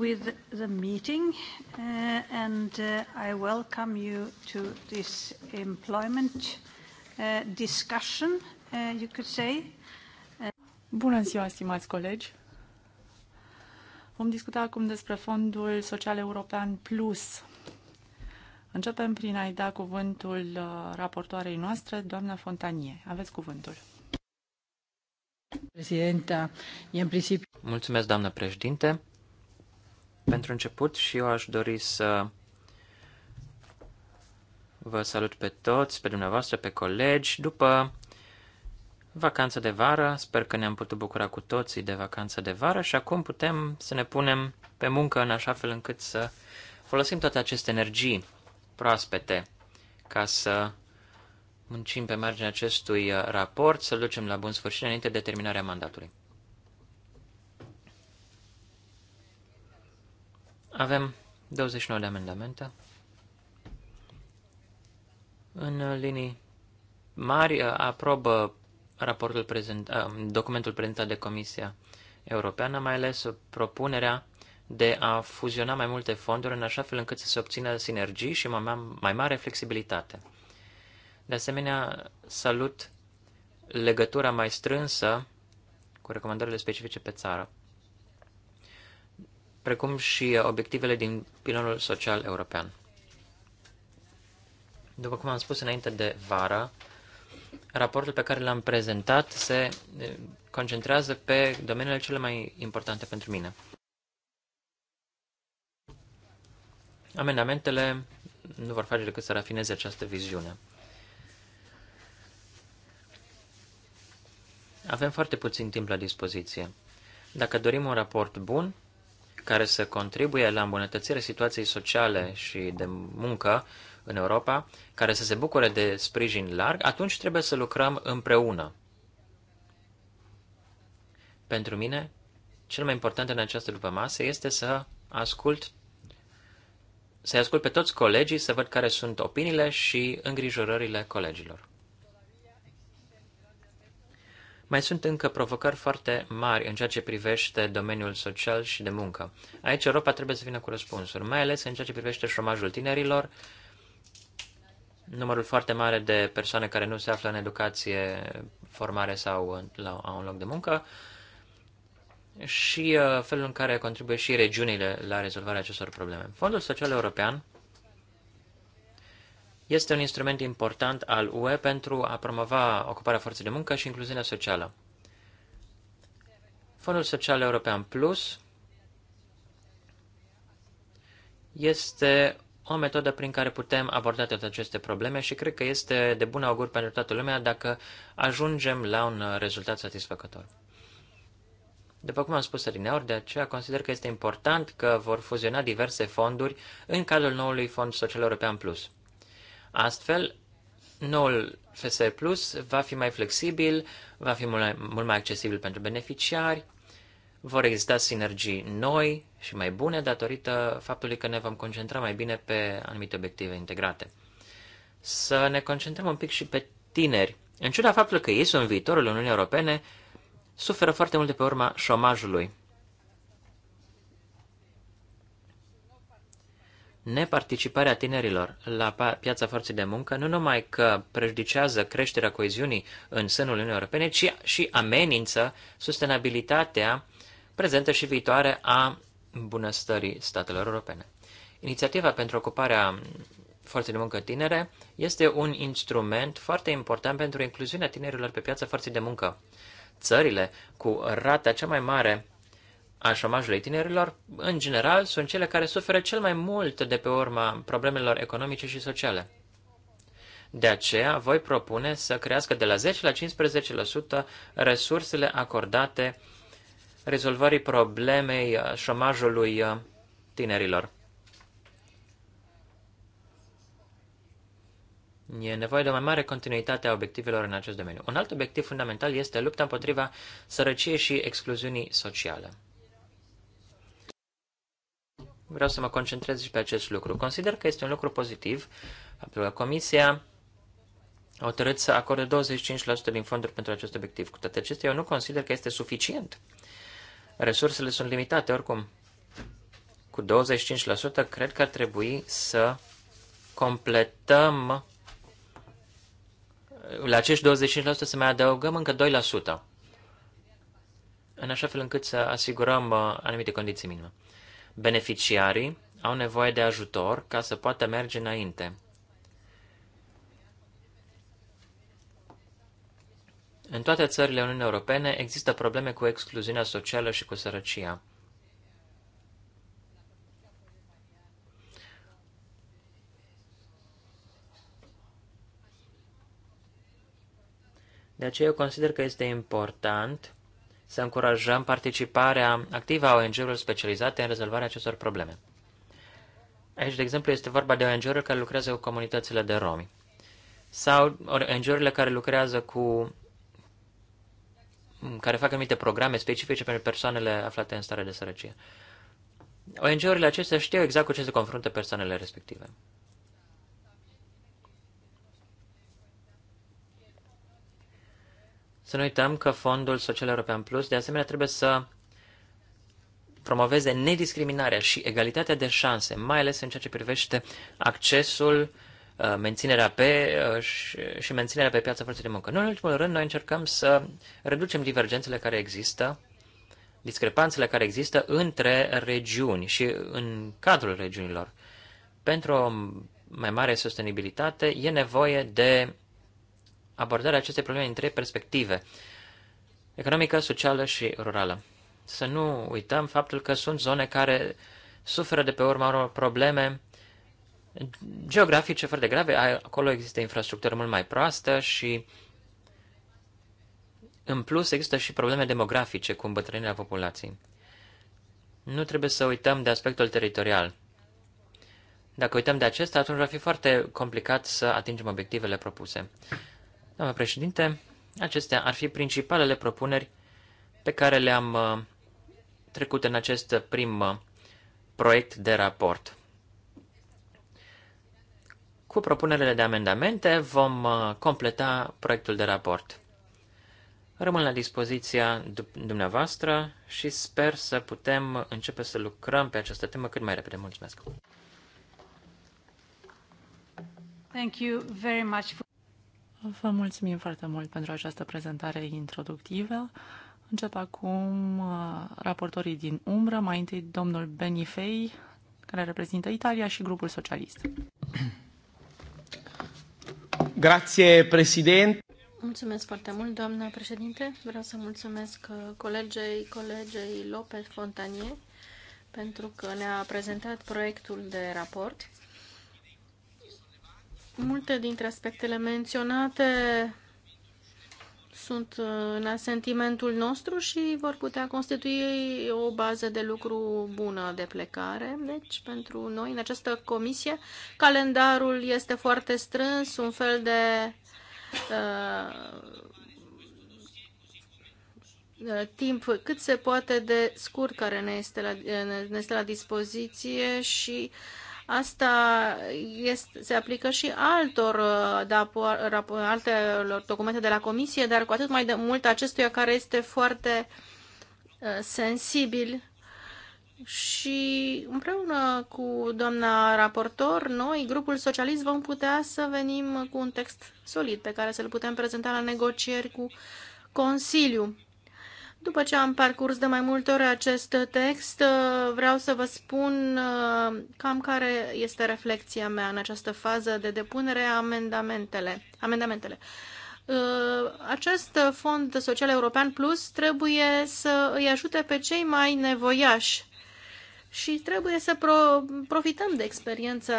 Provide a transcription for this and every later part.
with the meeting, uh, and uh, I welcome you to this employment uh, discussion, uh, you could say. Uh, Bună ziua, stimați colegi! Vom discuta acum despre Fondul Social European Plus. Începem prin a-i da cuvântul uh, raportoarei noastre, doamna Fontanie. Aveți cuvântul. Președinta, în principiu... Mulțumesc, doamnă președinte. Pentru început și eu aș dori să vă salut pe toți, pe dumneavoastră, pe colegi. După vacanța de vară, sper că ne-am putut bucura cu toții de vacanța de vară și acum putem să ne punem pe muncă în așa fel încât să folosim toate aceste energii proaspete ca să muncim pe marginea acestui uh, raport, să-l ducem la bun sfârșit înainte de terminarea mandatului. Avem 29 de amendamente. În linii mari uh, aprobă raportul prezent, uh, documentul prezentat de Comisia Europeană, mai ales propunerea de a fuziona mai multe fonduri în așa fel încât să se obțină sinergii și mai mare flexibilitate. De asemenea, salut legătura mai strânsă cu recomandările specifice pe țară precum și obiectivele din pilonul social european. După cum am spus înainte de vară, raportul pe care l-am prezentat se eh, concentrează pe domeniile cele mai importante pentru mine. Amendamentele nu vor face decât să rafineze această viziune. Avem foarte puțin timp la dispoziție. Dacă dorim un raport bun, care să contribuie la îmbunătățirea situației sociale și de muncă în Europa, care să se bucure de sprijin larg, atunci trebuie să lucrăm împreună. Pentru mine, cel mai important în această masă este să ascult să-i ascult pe toți colegii, să văd care sunt opiniile și îngrijorările colegilor. Mai sunt încă provocări foarte mari în ceea ce privește domeniul social și de muncă. Aici Europa trebuie să vină cu răspunsuri, mai ales în ceea ce privește șomajul tinerilor, numărul foarte mare de persoane care nu se află în educație, formare sau la un loc de muncă și uh, felul în care contribuie și regiunile la rezolvarea acestor probleme. Fondul Social European este un instrument important al UE pentru a promova ocuparea forței de muncă și incluziunea socială. Fondul Social European Plus este o metodă prin care putem aborda toate aceste probleme și cred că este de bun augur pentru toată lumea dacă ajungem la un rezultat satisfăcător. După cum am spus adineori, de aceea consider că este important că vor fuziona diverse fonduri în cadrul noului Fond Social European Plus. Astfel, noul FS Plus va fi mai flexibil, va fi mult mai, mult mai accesibil pentru beneficiari, vor exista sinergii noi și mai bune datorită faptului că ne vom concentra mai bine pe anumite obiective integrate. Să ne concentrăm un pic și pe tineri. În ciuda faptului că ei sunt viitorul Uniunii Europene, suferă foarte mult de pe urma șomajului. Neparticiparea tinerilor la piața forței de muncă nu numai că prejudicează creșterea coeziunii în sânul Uniunii Europene, ci și amenință sustenabilitatea prezentă și viitoare a bunăstării statelor europene. Inițiativa pentru ocuparea forței de muncă tinere este un instrument foarte important pentru incluziunea tinerilor pe piața forței de muncă. Țările cu rata cea mai mare al șomajului tinerilor, în general, sunt cele care suferă cel mai mult de pe urma problemelor economice și sociale. De aceea, voi propune să crească de la 10 la 15% resursele acordate rezolvării problemei uh, șomajului uh, tinerilor. E nevoie de o mai mare continuitate a obiectivelor în acest domeniu. Un alt obiectiv fundamental este lupta împotriva sărăciei și excluziunii sociale vreau să mă concentrez și pe acest lucru. Consider că este un lucru pozitiv pentru că Comisia a hotărât să acorde 25% din fonduri pentru acest obiectiv. Cu toate acestea, eu nu consider că este suficient. Resursele sunt limitate oricum. Cu 25% cred că ar trebui să completăm la acești 25% să mai adăugăm încă 2%, în așa fel încât să asigurăm uh, anumite condiții minime. Beneficiarii au nevoie de ajutor ca să poată merge înainte. În toate țările Uniunii Europene există probleme cu excluziunea socială și cu sărăcia. De aceea eu consider că este important să încurajăm participarea activă a ONG-urilor specializate în rezolvarea acestor probleme. Aici, de exemplu, este vorba de ONG-uri care lucrează cu comunitățile de romi sau ONG-urile care lucrează cu care fac anumite programe specifice pentru persoanele aflate în stare de sărăcie. ONG-urile acestea știu exact cu ce se confruntă persoanele respective. Să nu uităm că Fondul Social European Plus, de asemenea, trebuie să promoveze nediscriminarea și egalitatea de șanse, mai ales în ceea ce privește accesul, uh, menținerea pe uh, și menținerea pe piața forței de muncă. Noi, în ultimul rând, noi încercăm să reducem divergențele care există, discrepanțele care există între regiuni și în cadrul regiunilor. Pentru o mai mare sustenibilitate e nevoie de abordarea acestei probleme în trei perspective, economică, socială și rurală. Să nu uităm faptul că sunt zone care suferă de pe urma unor probleme geografice foarte grave, acolo există infrastructură mult mai proastă și în plus există și probleme demografice cu îmbătrânirea populației. Nu trebuie să uităm de aspectul teritorial. Dacă uităm de acesta, atunci va fi foarte complicat să atingem obiectivele propuse. Doamna președinte, acestea ar fi principalele propuneri pe care le-am uh, trecut în acest prim uh, proiect de raport. Cu propunerele de amendamente vom uh, completa proiectul de raport. Rămân la dispoziția dumneavoastră și sper să putem începe să lucrăm pe această temă cât mai repede. Mulțumesc! Thank you very much for Vă mulțumim foarte mult pentru această prezentare introductivă. Încep acum uh, raportorii din umbră, mai întâi domnul Benifei, care reprezintă Italia și grupul socialist. Grazie, președinte. Mulțumesc foarte mult, doamna președinte. Vreau să mulțumesc uh, colegei, colegei Lopez Fontanie pentru că ne-a prezentat proiectul de raport. Multe dintre aspectele menționate sunt uh, în asentimentul nostru și vor putea constitui o bază de lucru bună de plecare. Deci, pentru noi, în această comisie, calendarul este foarte strâns, un fel de uh, timp cât se poate de scurt care ne este la, ne este la dispoziție și uh, Asta este, se aplică și altor uh, alte documente de la Comisie, dar cu atât mai de mult acestuia care este foarte uh, sensibil și împreună cu doamna raportor, noi, grupul socialist, vom putea să venim cu un text solid pe care să-l putem prezenta la negocieri cu Consiliul. După ce am parcurs de mai multe ori acest text, vreau să vă spun uh, cam care este reflexia mea în această fază de depunere a amendamentele. amendamentele. Uh, acest fond social european plus trebuie să îi ajute pe cei mai nevoiași și trebuie să pro, profităm de experiența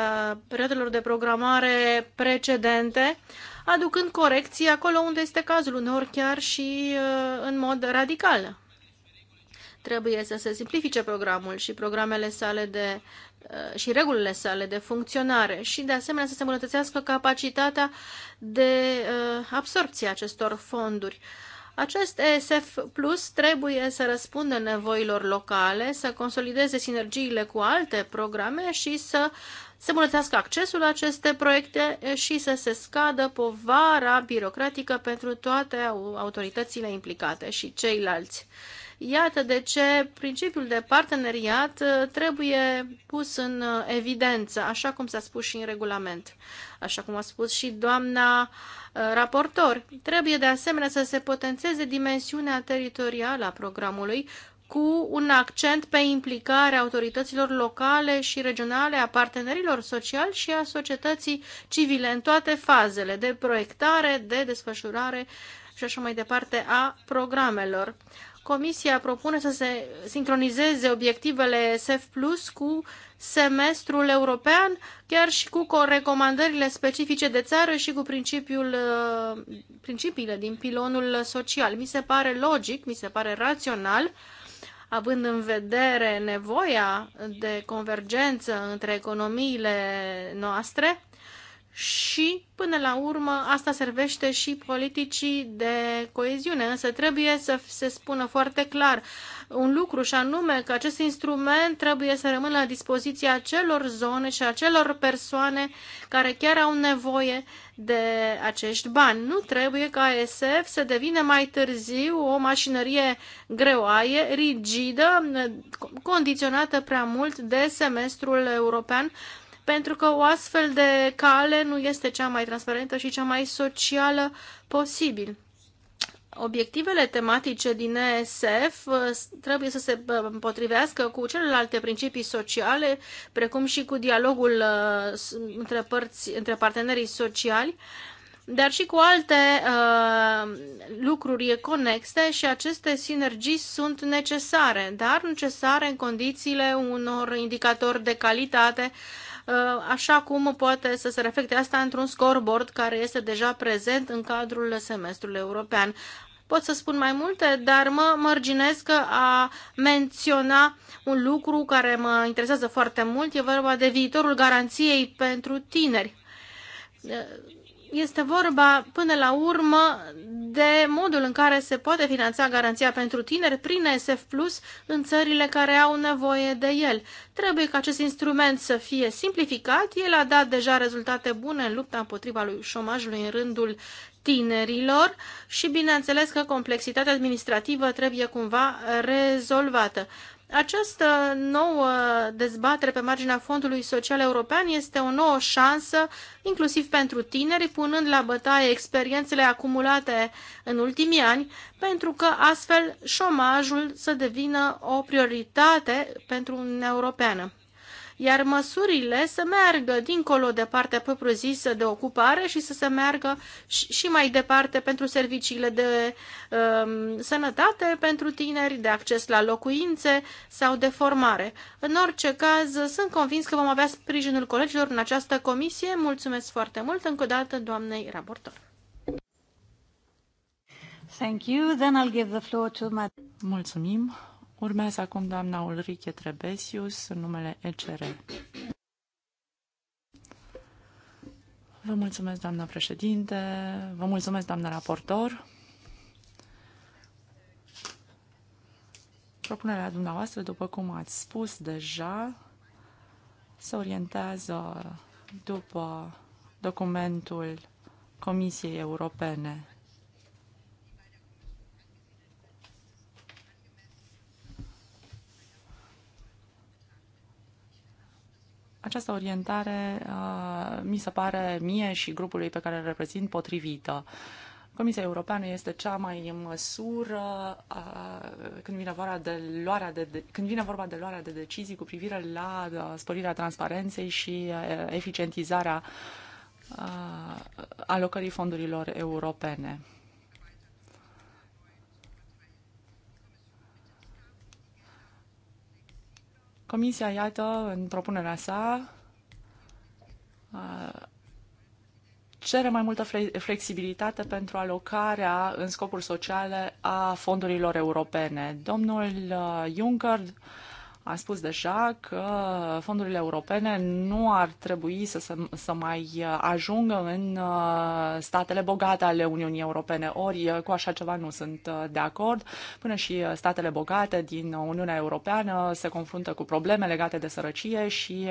perioadelor de programare precedente, aducând corecții acolo unde este cazul, uneori chiar și uh, în mod radical. Trebuie să se simplifice programul și programele sale de uh, și regulile sale de funcționare și de asemenea să se îmbunătățească capacitatea de uh, absorpție acestor fonduri. Acest ESF Plus trebuie să răspundă nevoilor locale, să consolideze sinergiile cu alte programe și să se îmbunătățească accesul la aceste proiecte și să se scadă povara birocratică pentru toate autoritățile implicate și ceilalți. Iată de ce principiul de parteneriat uh, trebuie pus în uh, evidență, așa cum s-a spus și în regulament, așa cum a spus și doamna uh, raportor. Trebuie de asemenea să se potențeze dimensiunea teritorială a programului cu un accent pe implicarea autorităților locale și regionale, a partenerilor sociali și a societății civile în toate fazele de proiectare, de desfășurare și așa mai departe a programelor. Comisia propune să se sincronizeze obiectivele SEF Plus cu semestrul european, chiar și cu recomandările specifice de țară și cu principiul, uh, principiile din pilonul social. Mi se pare logic, mi se pare rațional, având în vedere nevoia de convergență între economiile noastre, și, până la urmă, asta servește și politicii de coeziune. Însă trebuie să se spună foarte clar un lucru și anume că acest instrument trebuie să rămână la dispoziția celor zone și a celor persoane care chiar au nevoie de acești bani. Nu trebuie ca ASF să devină mai târziu o mașinărie greoaie, rigidă, condiționată prea mult de semestrul european pentru că o astfel de cale nu este cea mai transparentă și cea mai socială posibil. Obiectivele tematice din ESF uh, trebuie să se uh, potrivească cu celelalte principii sociale, precum și cu dialogul uh, între, părți, între partenerii sociali, dar și cu alte uh, lucruri conexe și aceste sinergii sunt necesare, dar necesare în condițiile unor indicatori de calitate uh, Uh, așa cum poate să se reflecte asta într-un scoreboard care este deja prezent în cadrul semestrului european. Pot să spun mai multe, dar mă mărginesc a menționa un lucru care mă interesează foarte mult. E vorba de viitorul garanției pentru tineri uh, este vorba până la urmă de modul în care se poate finanța garanția pentru tineri prin SF Plus în țările care au nevoie de el. Trebuie ca acest instrument să fie simplificat. El a dat deja rezultate bune în lupta împotriva lui șomajului în rândul tinerilor și bineînțeles că complexitatea administrativă trebuie cumva rezolvată. Această nouă dezbatere pe marginea Fondului Social European este o nouă șansă, inclusiv pentru tineri, punând la bătaie experiențele acumulate în ultimii ani, pentru că astfel șomajul să devină o prioritate pentru Uniunea Europeană iar măsurile să meargă dincolo de partea propriu-zisă de ocupare și să se meargă și mai departe pentru serviciile de um, sănătate pentru tineri, de acces la locuințe sau de formare. În orice caz, sunt convins că vom avea sprijinul colegilor în această comisie. Mulțumesc foarte mult încă o dată doamnei raportor. Thank you. Then I'll give the floor to Mulțumim. Urmează acum doamna Ulrike Trebesius în numele ECR. Vă mulțumesc, doamna președinte, vă mulțumesc, doamna raportor. Propunerea dumneavoastră, după cum ați spus deja, se orientează după documentul Comisiei Europene Această orientare uh, mi se pare mie și grupului pe care îl reprezint potrivită. Comisia Europeană este cea mai în măsură uh, când vine, vorba de luarea de, când vine vorba de luarea de decizii cu privire la uh, sporirea transparenței și eficientizarea alocării fondurilor europene. Comisia, iată, în propunerea sa, cere mai multă flexibilitate pentru alocarea în scopuri sociale a fondurilor europene. Domnul uh, Juncker a spus deja că fondurile europene nu ar trebui să, să, să mai ajungă în uh, statele bogate ale Uniunii Europene. Ori uh, cu așa ceva nu sunt uh, de acord. Până și statele bogate din Uniunea Europeană se confruntă cu probleme legate de sărăcie și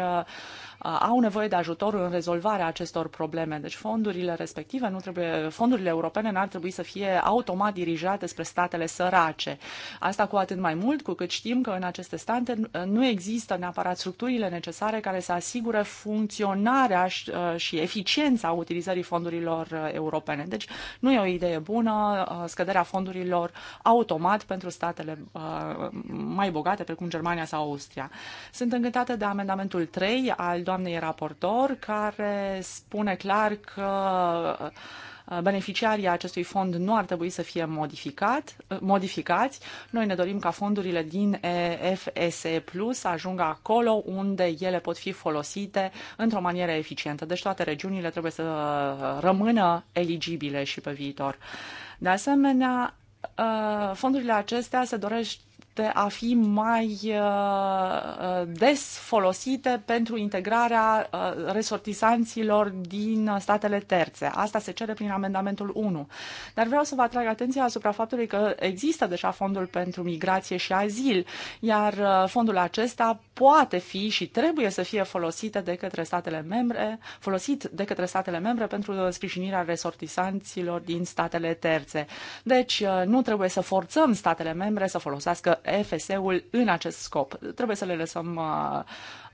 au nevoie de ajutor în rezolvarea acestor probleme. Deci fondurile respective nu trebuie, fondurile europene n-ar trebui să fie automat dirijate spre statele sărace. Asta cu atât mai mult cu cât știm că în aceste state Uh, nu există neapărat structurile necesare care să asigure funcționarea și uh, eficiența utilizării fondurilor uh, europene. Deci nu e o idee bună scăderea fondurilor automat pentru statele mai bogate, precum Germania sau Austria. Sunt încântată de amendamentul 3 al doamnei raportor, care spune clar că Uh, beneficiarii acestui fond nu ar trebui să fie modificat, uh, modificați. Noi ne dorim ca fondurile din FSE Plus să ajungă acolo unde ele pot fi folosite într-o manieră eficientă. Deci toate regiunile trebuie să uh, rămână eligibile și pe viitor. De asemenea, fondurile acestea se dorește de a fi mai uh, des folosite pentru integrarea uh, resortisanților din statele terțe. Asta se cere prin amendamentul 1. Dar vreau să vă atrag atenția asupra faptului că există deja fondul pentru migrație și azil, iar uh, fondul acesta poate fi și trebuie să fie folosit de către statele membre, folosit de către statele membre pentru sprijinirea resortisanților din statele terțe. Deci nu trebuie să forțăm statele membre să folosească fse ul în acest scop. Trebuie să le lăsăm uh,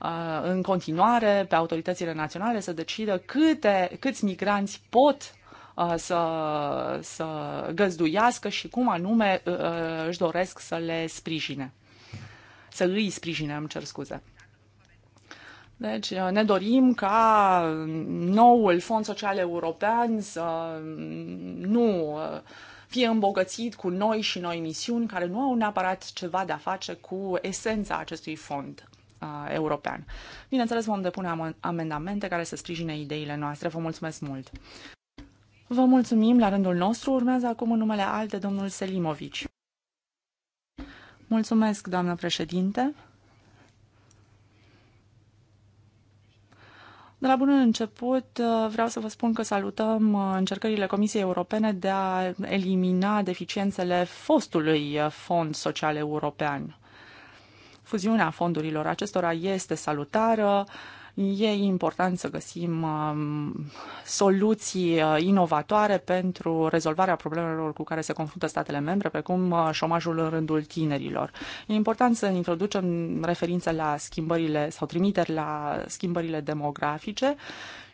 uh, în continuare pe autoritățile naționale să decidă câte, câți migranți pot uh, să, să găzduiască și cum anume își doresc să le sprijine. Să îi sprijine, îmi cer scuze. Deci ne dorim ca noul Fond Social European să mm, nu uh, fie îmbogățit cu noi și noi misiuni care nu au neapărat ceva de a face cu esența acestui fond uh, european. Bineînțeles, vom depune am- amendamente care să sprijine ideile noastre. Vă mulțumesc mult! Vă mulțumim la rândul nostru. Urmează acum în numele alte domnul Selimovici. Mulțumesc, doamnă președinte. De la bun început uh, vreau să vă spun că salutăm uh, încercările Comisiei Europene de a elimina deficiențele fostului uh, Fond Social European. Fuziunea fondurilor acestora este salutară, E important să găsim um, soluții uh, inovatoare pentru rezolvarea problemelor cu care se confruntă statele membre, precum uh, șomajul în rândul tinerilor. E important să introducem referințe la schimbările sau trimiteri la schimbările demografice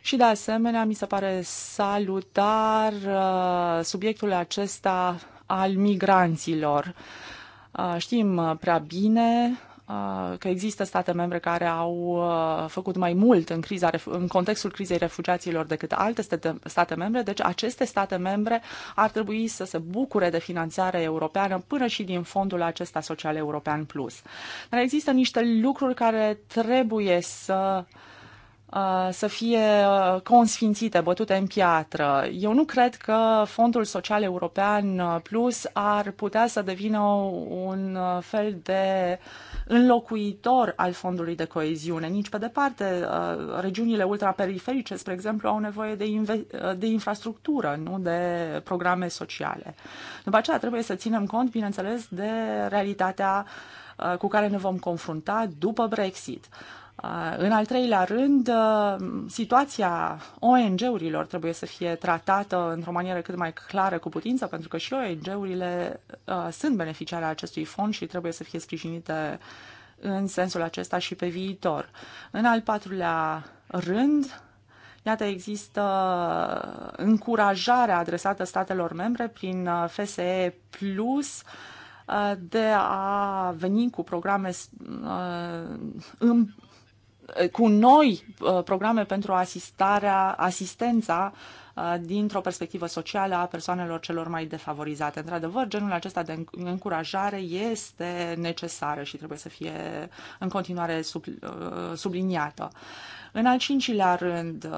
și de asemenea, mi se pare salutar uh, subiectul acesta al migranților. Știm prea bine că există state membre care au făcut mai mult în, criza, în contextul crizei refugiaților decât alte state membre, deci aceste state membre ar trebui să se bucure de finanțare europeană până și din fondul acesta social european plus. Dar există niște lucruri care trebuie să uh, Uh, să fie uh, consfințite, bătute în piatră. Eu nu cred că Fondul Social European uh, Plus ar putea să devină un fel de înlocuitor al fondului de coeziune. Nici pe departe, regiunile ultraperiferice, spre exemplu, au nevoie de, de infrastructură, nu de programe sociale. După aceea trebuie să ținem cont, bineînțeles, de realitatea cu care ne vom confrunta după Brexit. Uh, în al treilea rând, uh, situația ONG-urilor trebuie să fie tratată într-o manieră cât mai clară cu putință, pentru că și ONG-urile uh, sunt beneficiare acestui fond și trebuie să fie sprijinite în sensul acesta și pe viitor. În al patrulea rând, Iată, există încurajare adresată statelor membre prin FSE Plus de a veni cu programe Eh, cu noi eh, programe pentru asistarea, asistența eh, dintr-o perspectivă socială a persoanelor celor mai defavorizate. Într-adevăr, genul acesta de încurajare este necesară și trebuie să fie în continuare subliniată. În al cincilea rând,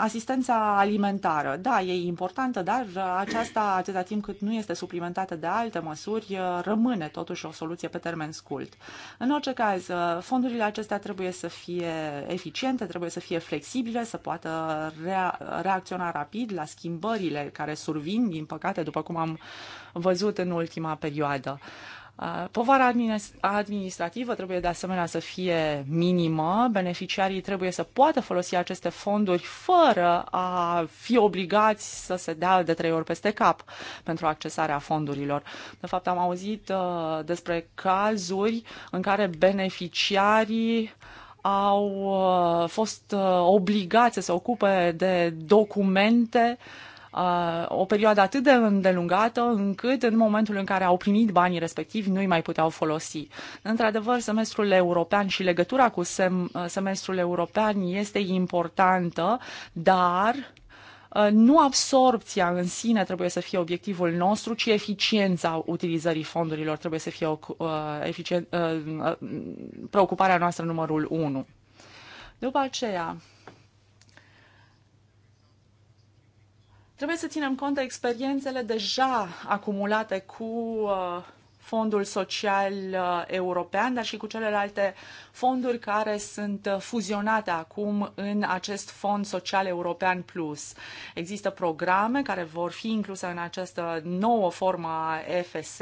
Asistența alimentară, da, e importantă, dar aceasta, atâta timp cât nu este suplimentată de alte măsuri, rămâne totuși o soluție pe termen scurt. În orice caz, fondurile acestea trebuie să fie eficiente, trebuie să fie flexibile, să poată rea- reacționa rapid la schimbările care survin, din păcate, după cum am văzut în ultima perioadă. Povara administrativă trebuie de asemenea să fie minimă, beneficiarii trebuie să poată folosi aceste fonduri fără a fi obligați să se dea de trei ori peste cap pentru accesarea fondurilor. De fapt, am auzit uh, despre cazuri în care beneficiarii au uh, fost uh, obligați să se ocupe de documente uh, Uh, o perioadă atât de îndelungată încât în momentul în care au primit banii respectivi nu îi mai puteau folosi. Într-adevăr, semestrul european și legătura cu sem- uh, semestrul european este importantă, dar uh, nu absorpția în sine trebuie să fie obiectivul nostru, ci eficiența utilizării fondurilor trebuie să fie o, preocuparea noastră numărul 1. După aceea, Trebuie să ținem cont de experiențele deja acumulate cu uh, Fondul Social uh, European, dar și cu celelalte fonduri care sunt uh, fuzionate acum în acest Fond Social European Plus. Există programe care vor fi incluse în această nouă formă a FS,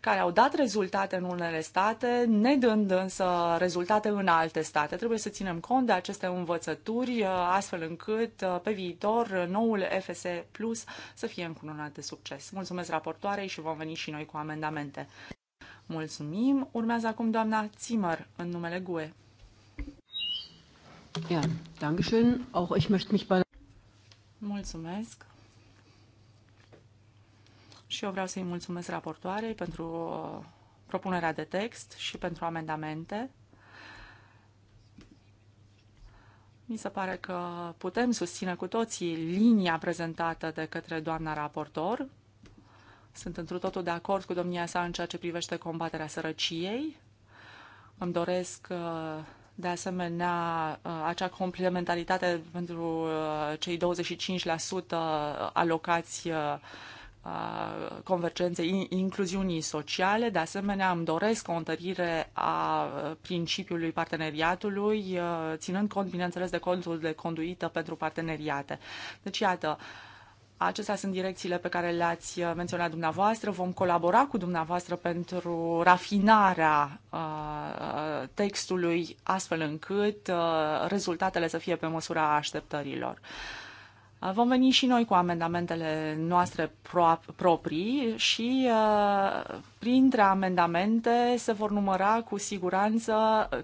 care au dat rezultate în unele state, ne dând însă rezultate în alte state. Trebuie să ținem cont de aceste învățături, uh, astfel încât pe viitor noul FS Plus să fie încununat de succes. Mulțumesc raportoarei și vom veni și noi cu amendamente. Mulțumim. Urmează acum doamna Zimmer în numele GUE. Ja, schön. Auch ich möchte mich bei Mulțumesc. Și eu vreau să-i mulțumesc raportoarei pentru uh, propunerea de text și pentru amendamente. Mi se pare că putem susține cu toții linia prezentată de către doamna raportor sunt întru totul de acord cu domnia sa în ceea ce privește combaterea sărăciei. Îmi doresc uh, de asemenea uh, acea complementaritate pentru uh, cei 25% alocați convergenței incluziunii sociale. De asemenea, îmi doresc o întărire a principiului parteneriatului, ținând cont, bineînțeles, de contul de conduită pentru parteneriate. Deci, iată, Acestea sunt direcțiile pe care le-ați uh, menționat dumneavoastră. Vom colabora cu dumneavoastră pentru rafinarea uh, textului, astfel încât uh, rezultatele să fie pe măsura așteptărilor. Uh, Vom veni și noi cu amendamentele noastre pro- proprii și uh, printre amendamente se vor număra cu siguranță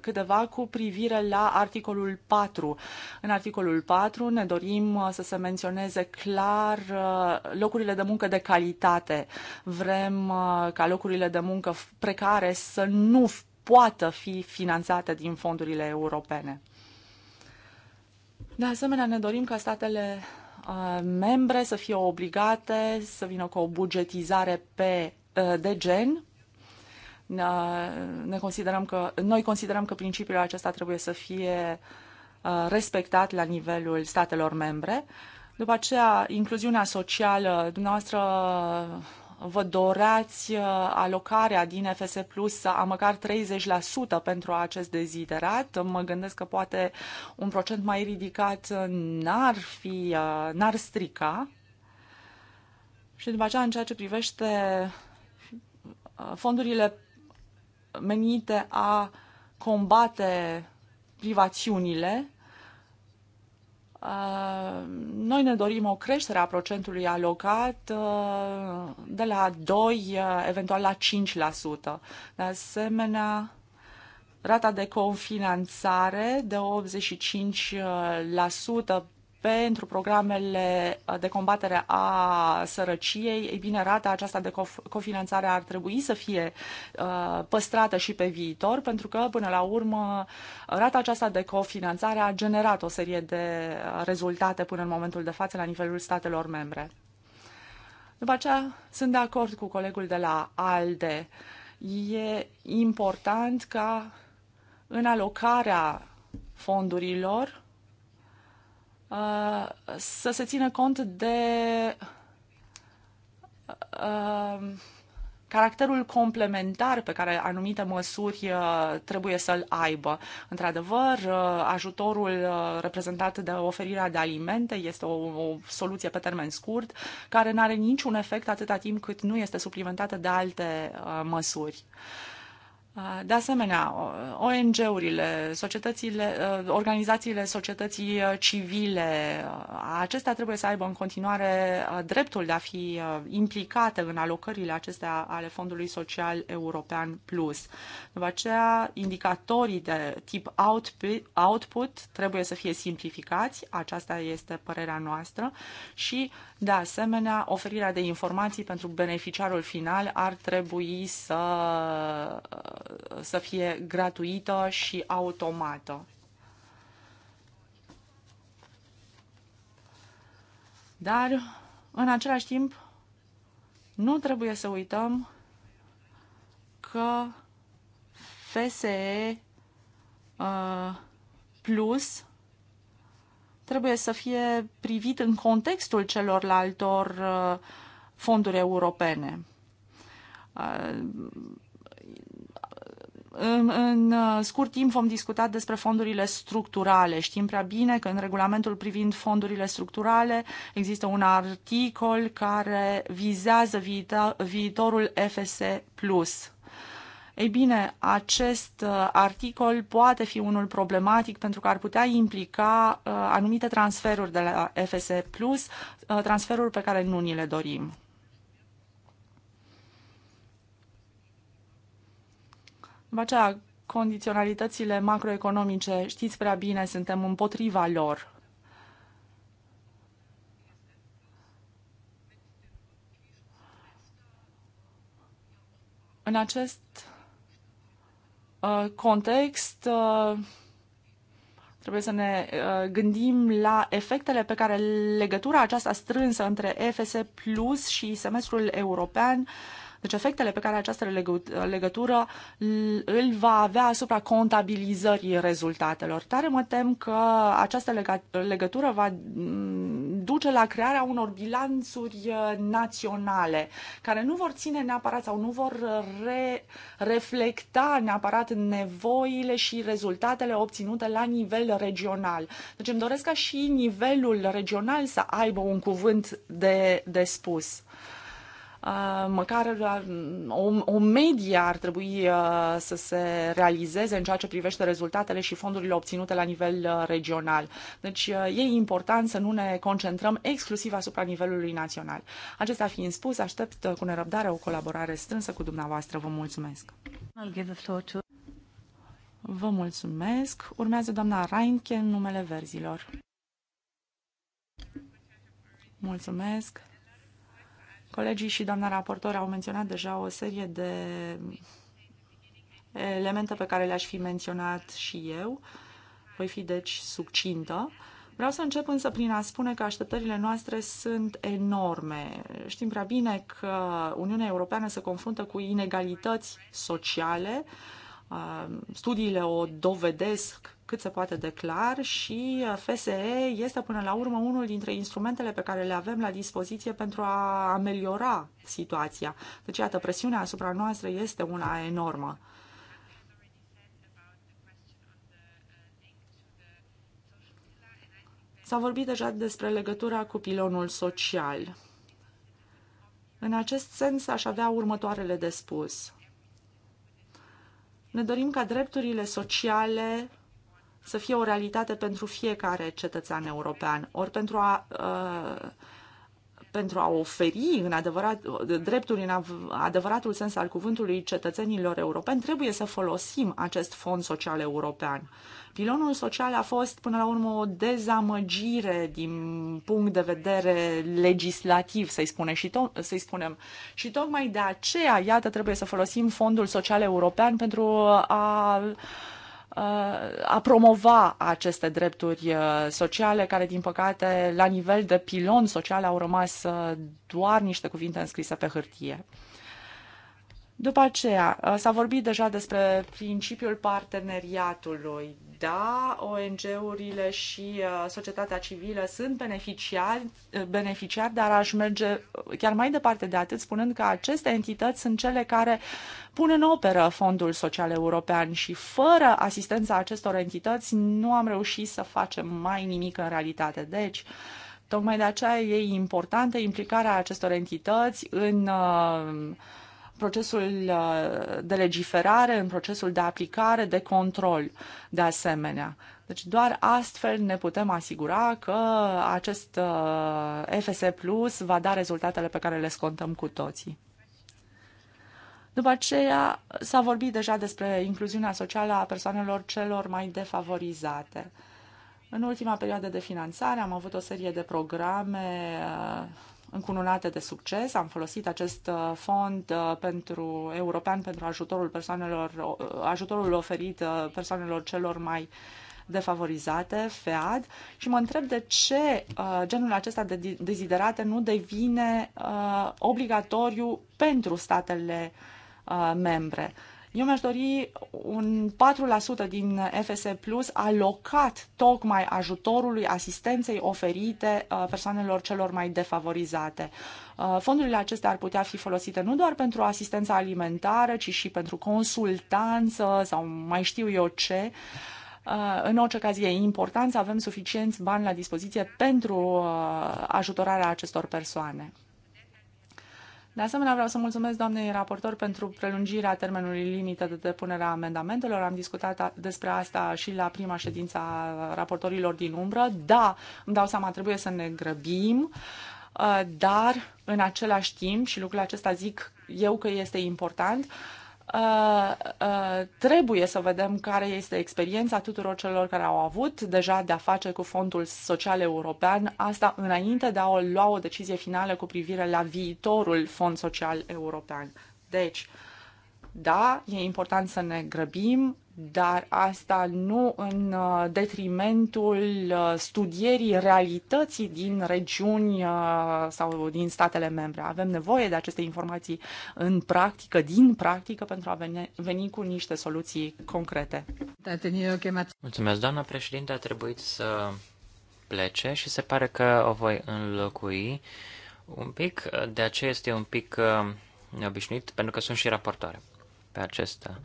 câteva cu privire la articolul 4. În articolul 4 ne dorim uh, să se menționeze clar uh, locurile de muncă de calitate. Vrem ca locurile de muncă precare să nu poată fi finanțate din fondurile europene. De asemenea, ne dorim ca statele Uh, membre să fie obligate să vină cu o bugetizare pe, uh, de gen. Uh, ne considerăm că, noi considerăm că principiul acesta trebuie să fie respectat la nivelul statelor membre. După aceea, incluziunea socială, dumneavoastră vă doreați uh, alocarea din FS Plus a măcar 30% pentru acest deziderat. Mă gândesc că poate un procent mai ridicat uh, n-ar fi, uh, n-ar strica. Și după aceea, în ceea ce privește fondurile menite a combate privațiunile, Uh, noi ne dorim o creștere a procentului alocat uh, de la 2, uh, eventual la 5%. De asemenea, rata de confinanțare de 85% pentru programele de combatere a sărăciei, ei bine, rata aceasta de cofinanțare ar trebui să fie uh, păstrată și pe viitor, pentru că, până la urmă, rata aceasta de cofinanțare a generat o serie de uh, rezultate până în momentul de față la nivelul statelor membre. După aceea, sunt de acord cu colegul de la ALDE. E important ca în alocarea fondurilor Uh, să se țină cont de uh, caracterul complementar pe care anumite măsuri uh, trebuie să-l aibă. Într-adevăr, ajutorul reprezentat de oferirea de alimente este o, o soluție pe termen scurt, care nu are niciun efect atâta timp cât nu este suplimentată de alte măsuri. Uh, de asemenea, ONG-urile, societățile, organizațiile societății civile, acestea trebuie să aibă în continuare dreptul de a fi implicate în alocările acestea ale Fondului Social European Plus. După aceea, indicatorii de tip output trebuie să fie simplificați, aceasta este părerea noastră, și, de asemenea, oferirea de informații pentru beneficiarul final ar trebui să să fie gratuită și automată. Dar, în același timp, nu trebuie să uităm că FSE uh, Plus trebuie să fie privit în contextul celorlaltor uh, fonduri europene. Uh, în, în uh, scurt timp vom discuta despre fondurile structurale. Știm prea bine că în regulamentul privind fondurile structurale există un articol care vizează viita, viitorul FS+. Ei bine, acest uh, articol poate fi unul problematic pentru că ar putea implica uh, anumite transferuri de la FS+, transferuri pe care nu ni le dorim. După aceea, condiționalitățile macroeconomice, știți prea bine, suntem împotriva lor. În acest uh, context, uh, trebuie să ne uh, gândim la efectele pe care legătura aceasta strânsă între FS Plus și semestrul european deci efectele pe care această legătură îl va avea asupra contabilizării rezultatelor. Tare mă tem că această legătură va mm, duce la crearea unor bilanțuri uh, naționale care nu vor ține neapărat sau nu vor uh, re- reflecta neapărat nevoile și rezultatele obținute la nivel regional. Deci îmi doresc ca și nivelul regional să aibă un cuvânt de, de spus măcar o, o medie ar trebui să se realizeze în ceea ce privește rezultatele și fondurile obținute la nivel regional. Deci e important să nu ne concentrăm exclusiv asupra nivelului național. Acesta fiind spus, aștept cu nerăbdare o colaborare strânsă cu dumneavoastră. Vă mulțumesc! Vă mulțumesc. Urmează doamna Reinke în numele verzilor. Mulțumesc. Colegii și doamna raportor au menționat deja o serie de elemente pe care le-aș fi menționat și eu. Voi fi, deci, succintă. Vreau să încep însă prin a spune că așteptările noastre sunt enorme. Știm prea bine că Uniunea Europeană se confruntă cu inegalități sociale. Studiile o dovedesc cât se poate de clar și uh, FSE este până la urmă unul dintre instrumentele pe care le avem la dispoziție pentru a ameliora situația. Deci, iată, presiunea asupra noastră este una enormă. S-a vorbit deja despre legătura cu pilonul social. În acest sens, aș avea următoarele de spus. Ne dorim ca drepturile sociale să fie o realitate pentru fiecare cetățean european. Ori pentru a, uh, pentru a oferi în adevărat, dreptul în adevăratul sens al cuvântului cetățenilor europeni, trebuie să folosim acest fond social european. Pilonul social a fost până la urmă o dezamăgire din punct de vedere legislativ, să-i, spune, și to- să spunem. Și tocmai de aceea, iată, trebuie să folosim fondul social european pentru a a promova aceste drepturi uh, sociale, care, din păcate, la nivel de pilon social au rămas uh, doar niște cuvinte înscrise pe hârtie. După aceea, uh, s-a vorbit deja despre principiul parteneriatului. Da, ONG-urile și uh, societatea civilă sunt beneficiari, uh, beneficiari, dar aș merge chiar mai departe de atât, spunând că aceste entități sunt cele care pun în operă Fondul Social European și fără asistența acestor entități nu am reușit să facem mai nimic în realitate. Deci, tocmai de aceea e importantă implicarea acestor entități în uh, procesul uh, de legiferare, în procesul de aplicare, de control, de asemenea. Deci doar astfel ne putem asigura că acest uh, FS Plus va da rezultatele pe care le scontăm cu toții. După aceea s-a vorbit deja despre incluziunea socială a persoanelor celor mai defavorizate. În ultima perioadă de finanțare am avut o serie de programe uh, încununate de succes. Am folosit acest uh, fond uh, pentru european pentru ajutorul persoanelor, uh, ajutorul oferit persoanelor celor mai defavorizate, FEAD, și mă întreb de ce uh, genul acesta de deziderate nu devine uh, obligatoriu pentru statele uh, membre. Uh, eu mi-aș dori un 4% din FS Plus alocat tocmai ajutorului, asistenței oferite uh, persoanelor celor mai defavorizate. Uh, fondurile acestea ar putea fi folosite nu doar pentru asistența alimentară, ci și pentru consultanță sau mai știu eu ce. Uh, în orice caz e important să avem suficienți bani la dispoziție pentru ajutorarea acestor persoane. De asemenea, vreau să mulțumesc doamnei raportor pentru prelungirea termenului limită de depunere a amendamentelor. Am discutat despre asta și la prima ședință a raportorilor din umbră. Da, îmi dau seama, trebuie să ne grăbim, uh, dar în același timp, și lucrul acesta zic eu că este important, Uh, uh, trebuie să vedem care este experiența tuturor celor care au avut deja de-a face cu Fondul Social European, asta înainte de a o lua o decizie finală cu privire la viitorul Fond Social European. Deci, da, e important să ne grăbim, dar asta nu în uh, detrimentul uh, studierii realității din regiuni uh, sau din statele membre. Avem nevoie de aceste informații în practică, din practică, pentru a veni, veni cu niște soluții concrete. Mulțumesc, doamna președinte, a trebuit să plece și se pare că o voi înlocui un pic, de aceea este un pic neobișnuit, pentru că sunt și raportoare pe acesta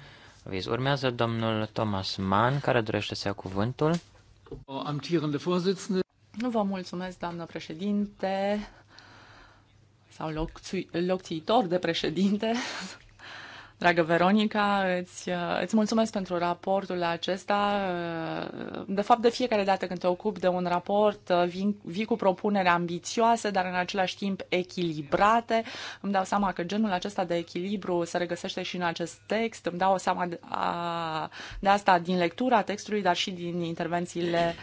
aviz. Urmează domnul Thomas Mann, care dorește să ia cuvântul. Nu vă mulțumesc, doamnă președinte, sau locțiitor de președinte, Dragă Veronica, îți, uh, îți mulțumesc pentru raportul acesta. Uh, de fapt, de fiecare dată când te ocupi de un raport, uh, vin, vii cu propuneri ambițioase, dar în același timp echilibrate. Îmi dau seama că genul acesta de echilibru se regăsește și în acest text. Îmi dau seama de, a, de asta din lectura textului, dar și din intervențiile uh,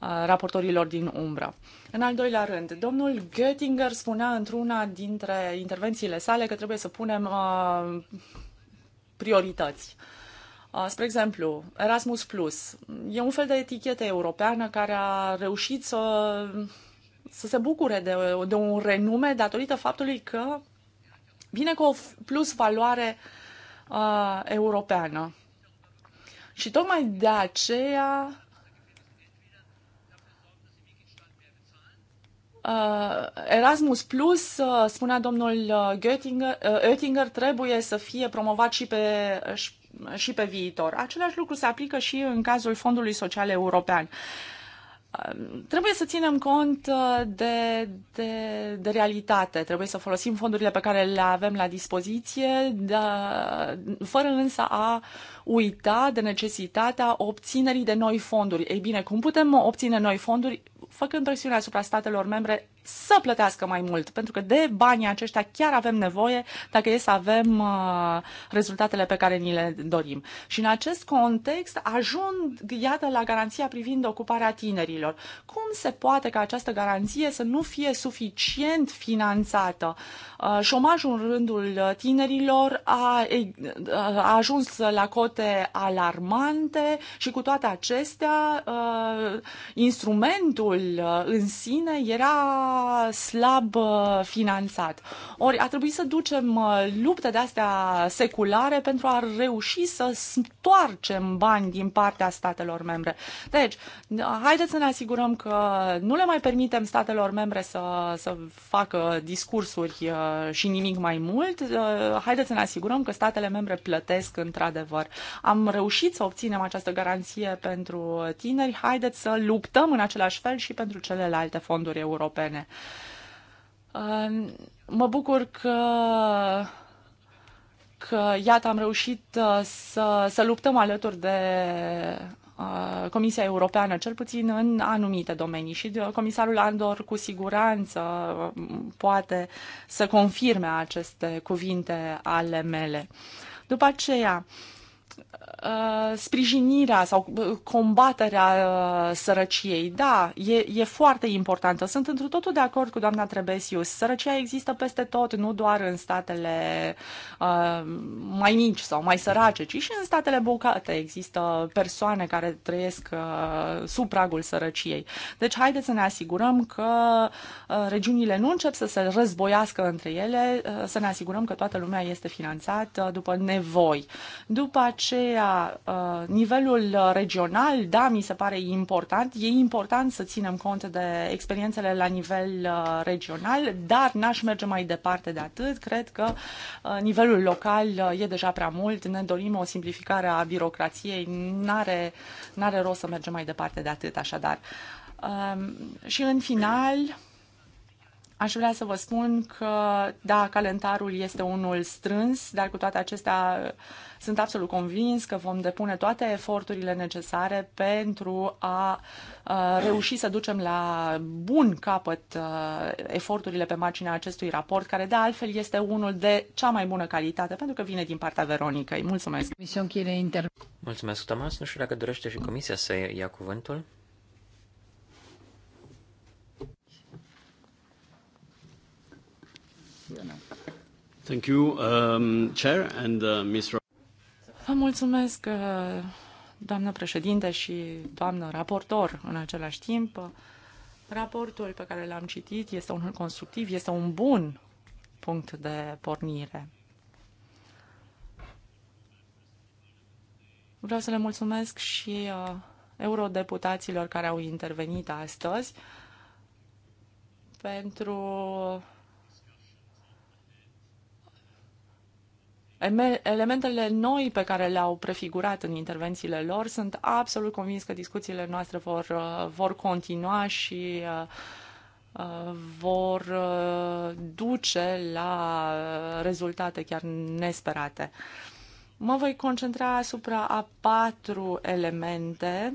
raportorilor din umbră. În al doilea rând, domnul Göttinger spunea într-una dintre intervențiile sale că trebuie să punem uh, priorități. Uh, spre exemplu, Erasmus Plus e un fel de etichetă europeană care a reușit să, să se bucure de, de un renume datorită faptului că vine cu o plus valoare uh, europeană. Și tocmai de aceea Uh, Erasmus Plus, uh, spunea domnul uh, Göttinger, Oettinger, trebuie să fie promovat și pe, și pe viitor. Același lucru se aplică și în cazul Fondului Social European. Trebuie să ținem cont de, de, de realitate, trebuie să folosim fondurile pe care le avem la dispoziție, de, da, fără însă a uita de necesitatea obținerii de noi fonduri. Ei bine, cum putem obține noi fonduri făcând presiune asupra statelor membre să plătească mai mult, pentru că de banii aceștia chiar avem nevoie dacă e să avem uh, rezultatele pe care ni le dorim. Și în acest context ajung, iată, la garanția privind ocuparea tinerilor. Cum se poate ca această garanție să nu fie suficient finanțată? Uh, șomajul în rândul tinerilor a, uh, a ajuns la cote alarmante și cu toate acestea instrumentul în sine era slab uh, finanțat. Ori a trebuit să ducem uh, lupte de astea seculare pentru a reuși să stoarcem bani din partea statelor membre. Deci, uh, haideți să ne asigurăm că nu le mai permitem statelor membre să, să facă discursuri și nimic mai mult. Haideți să ne asigurăm că statele membre plătesc într-adevăr. Am reușit să obținem această garanție pentru tineri. Haideți să luptăm în același fel și pentru celelalte fonduri europene. Europene. Mă bucur că că iată am reușit uh, să, să luptăm alături de uh, Comisia Europeană, cel puțin în anumite domenii și uh, comisarul Andor cu siguranță poate să confirme aceste cuvinte ale mele. După aceea, uh, Uh, sprijinirea sau uh, combaterea uh, sărăciei. Da, e, e foarte importantă. Sunt într totul de acord cu doamna Trebesius. Sărăcia există peste tot, nu doar în statele uh, mai mici sau mai sărace, ci și în statele bogate există persoane care trăiesc uh, sub pragul sărăciei. Deci haideți să ne asigurăm că uh, regiunile nu încep să se războiască între ele, uh, să ne asigurăm că toată lumea este finanțată după nevoi. După aceea, aceea, uh, nivelul regional, da, mi se pare important. E important să ținem cont de experiențele la nivel uh, regional, dar n-aș merge mai departe de atât. Cred că uh, nivelul local e deja prea mult. Ne dorim o simplificare a birocrației. N-are, n-are rost să mergem mai departe de atât, așadar. Um, și în final, Aș vrea să vă spun că, da, calendarul este unul strâns, dar cu toate acestea sunt absolut convins că vom depune toate eforturile necesare pentru a, reuși să ducem la bun capăt eforturile pe marginea acestui raport, care de altfel este unul de cea mai bună calitate, pentru că vine din partea Veronicăi. Mulțumesc! Mulțumesc, Tomas. Nu știu dacă dorește și Comisia să ia cuvântul. Thank you, um, Chair and uh, Ms. Vă mulțumesc, uh, doamnă președinte și doamnă raportor în același timp. Raportul pe care l-am citit este unul constructiv, este un bun punct de pornire. Vreau să le mulțumesc și uh, eurodeputaților care au intervenit astăzi pentru Elementele noi pe care le-au prefigurat în intervențiile lor sunt absolut convins că discuțiile noastre vor, uh, vor continua și uh, uh, vor duce la rezultate chiar nesperate. Mă voi concentra asupra a patru elemente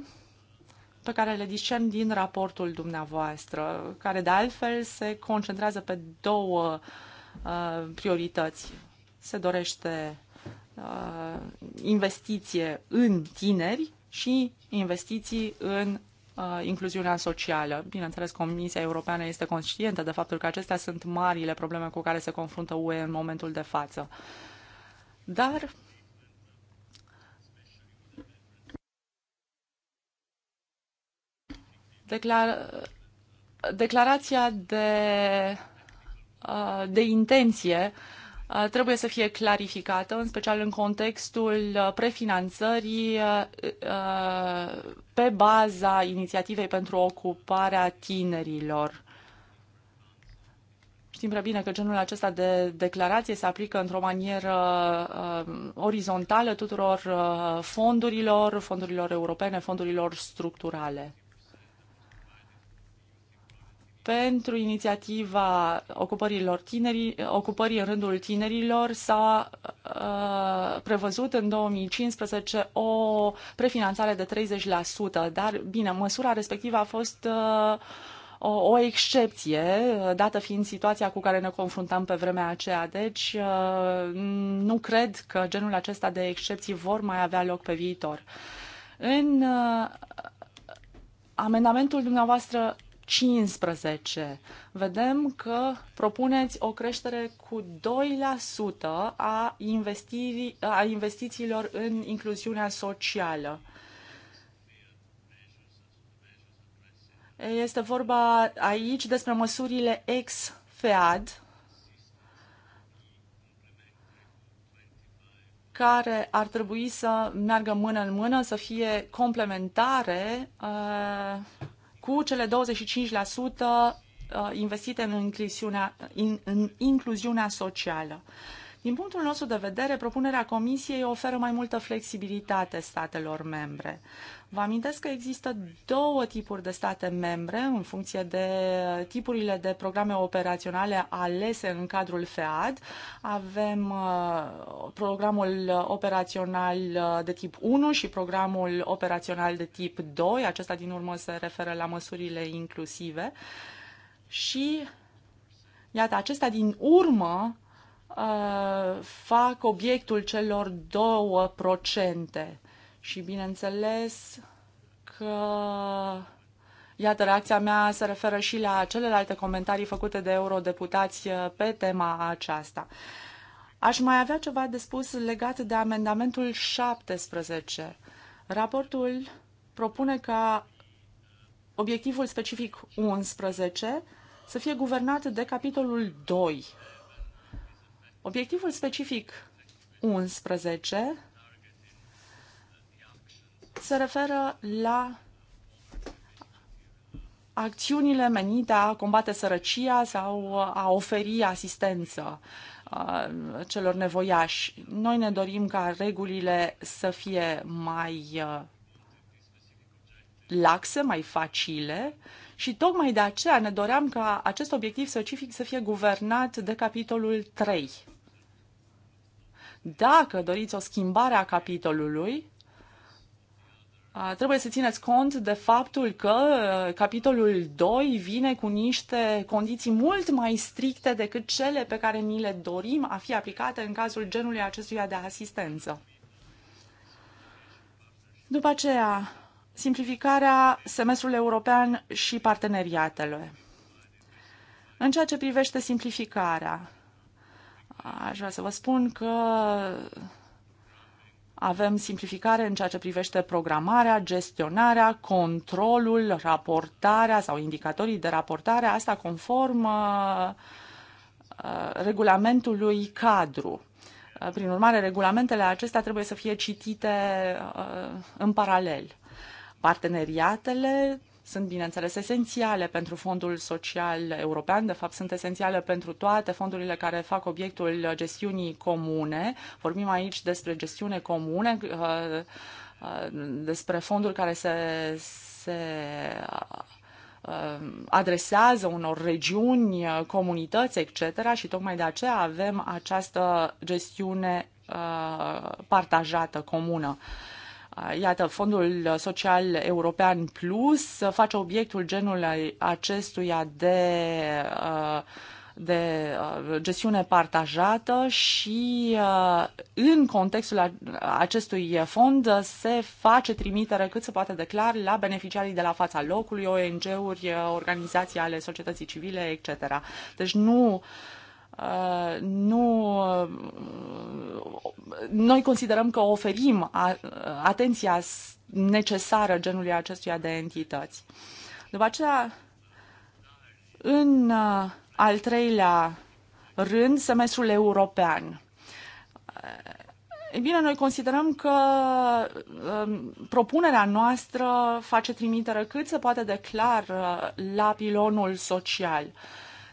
pe care le discern din raportul dumneavoastră, care de altfel se concentrează pe două uh, priorități se dorește uh, investiție în tineri și investiții în uh, incluziunea socială. Bineînțeles, Comisia Europeană este conștientă de faptul că acestea sunt marile probleme cu care se confruntă UE în momentul de față. Dar declarația de, uh, de intenție uh, Uh, trebuie să fie clarificată, în special în contextul uh, prefinanțării uh, pe baza inițiativei pentru ocuparea tinerilor. Știm prea bine că genul acesta de declarație se aplică într-o manieră uh, orizontală tuturor uh, fondurilor, fondurilor europene, fondurilor structurale pentru inițiativa ocupărilor tinerii, ocupării în rândul tinerilor s-a uh, prevăzut în 2015 o prefinanțare de 30%, dar bine, măsura respectivă a fost uh, o, o excepție, uh, dată fiind situația cu care ne confruntam pe vremea aceea. Deci uh, nu cred că genul acesta de excepții vor mai avea loc pe viitor. În uh, amendamentul dumneavoastră 15. Vedem că propuneți o creștere cu 2% a, investirii, a investițiilor în incluziunea socială. Este vorba aici despre măsurile ex-FEAD, care ar trebui să meargă mână în mână, să fie complementare uh, cu cele 25% uh, investite în, în, în incluziunea socială. Din punctul nostru de vedere, propunerea Comisiei oferă mai multă flexibilitate statelor membre. Vă amintesc că există două tipuri de state membre în funcție de tipurile de programe operaționale alese în cadrul FEAD. Avem uh, programul operațional uh, de tip 1 și programul operațional de tip 2. Acesta din urmă se referă la măsurile inclusive. Și Iată, acestea din urmă Uh, fac obiectul celor două procente. Și bineînțeles că Iată, reacția mea se referă și la celelalte comentarii făcute de eurodeputați uh, pe tema aceasta. Aș mai avea ceva de spus legat de amendamentul 17. Raportul propune ca obiectivul specific 11 să fie guvernat de capitolul 2 Obiectivul specific 11 se referă la acțiunile menite a combate sărăcia sau a oferi asistență uh, celor nevoiași. Noi ne dorim ca regulile să fie mai uh, laxe, mai facile și tocmai de aceea ne doream ca acest obiectiv specific să fie guvernat de capitolul 3 dacă doriți o schimbare a capitolului, trebuie să țineți cont de faptul că capitolul 2 vine cu niște condiții mult mai stricte decât cele pe care ni le dorim a fi aplicate în cazul genului acestuia de asistență. După aceea, simplificarea semestrului european și parteneriatele. În ceea ce privește simplificarea, Aș vrea să vă spun că avem simplificare în ceea ce privește programarea, gestionarea, controlul, raportarea sau indicatorii de raportare, asta conform uh, regulamentului cadru. Uh, prin urmare, regulamentele acestea trebuie să fie citite uh, în paralel. Parteneriatele sunt, bineînțeles, esențiale pentru Fondul Social European, de fapt sunt esențiale pentru toate fondurile care fac obiectul gestiunii comune. Vorbim aici despre gestiune comune, uh, uh, despre fonduri care se, se uh, adresează unor regiuni, comunități, etc. și tocmai de aceea avem această gestiune partajată, comună. Uh, Iată, Fondul Social European Plus face obiectul genul acestuia de, uh, de gestiune partajată și uh, în contextul acestui fond se face trimitere cât se poate de clar la beneficiarii de la fața locului, ONG-uri, uh, organizații ale societății civile, etc. Deci nu uh, nu noi considerăm că oferim atenția necesară genului acestuia de entități. După aceea, în uh, al treilea rând, semestrul european. E bine, noi considerăm că um, propunerea noastră face trimitere cât se poate de clar uh, la pilonul social.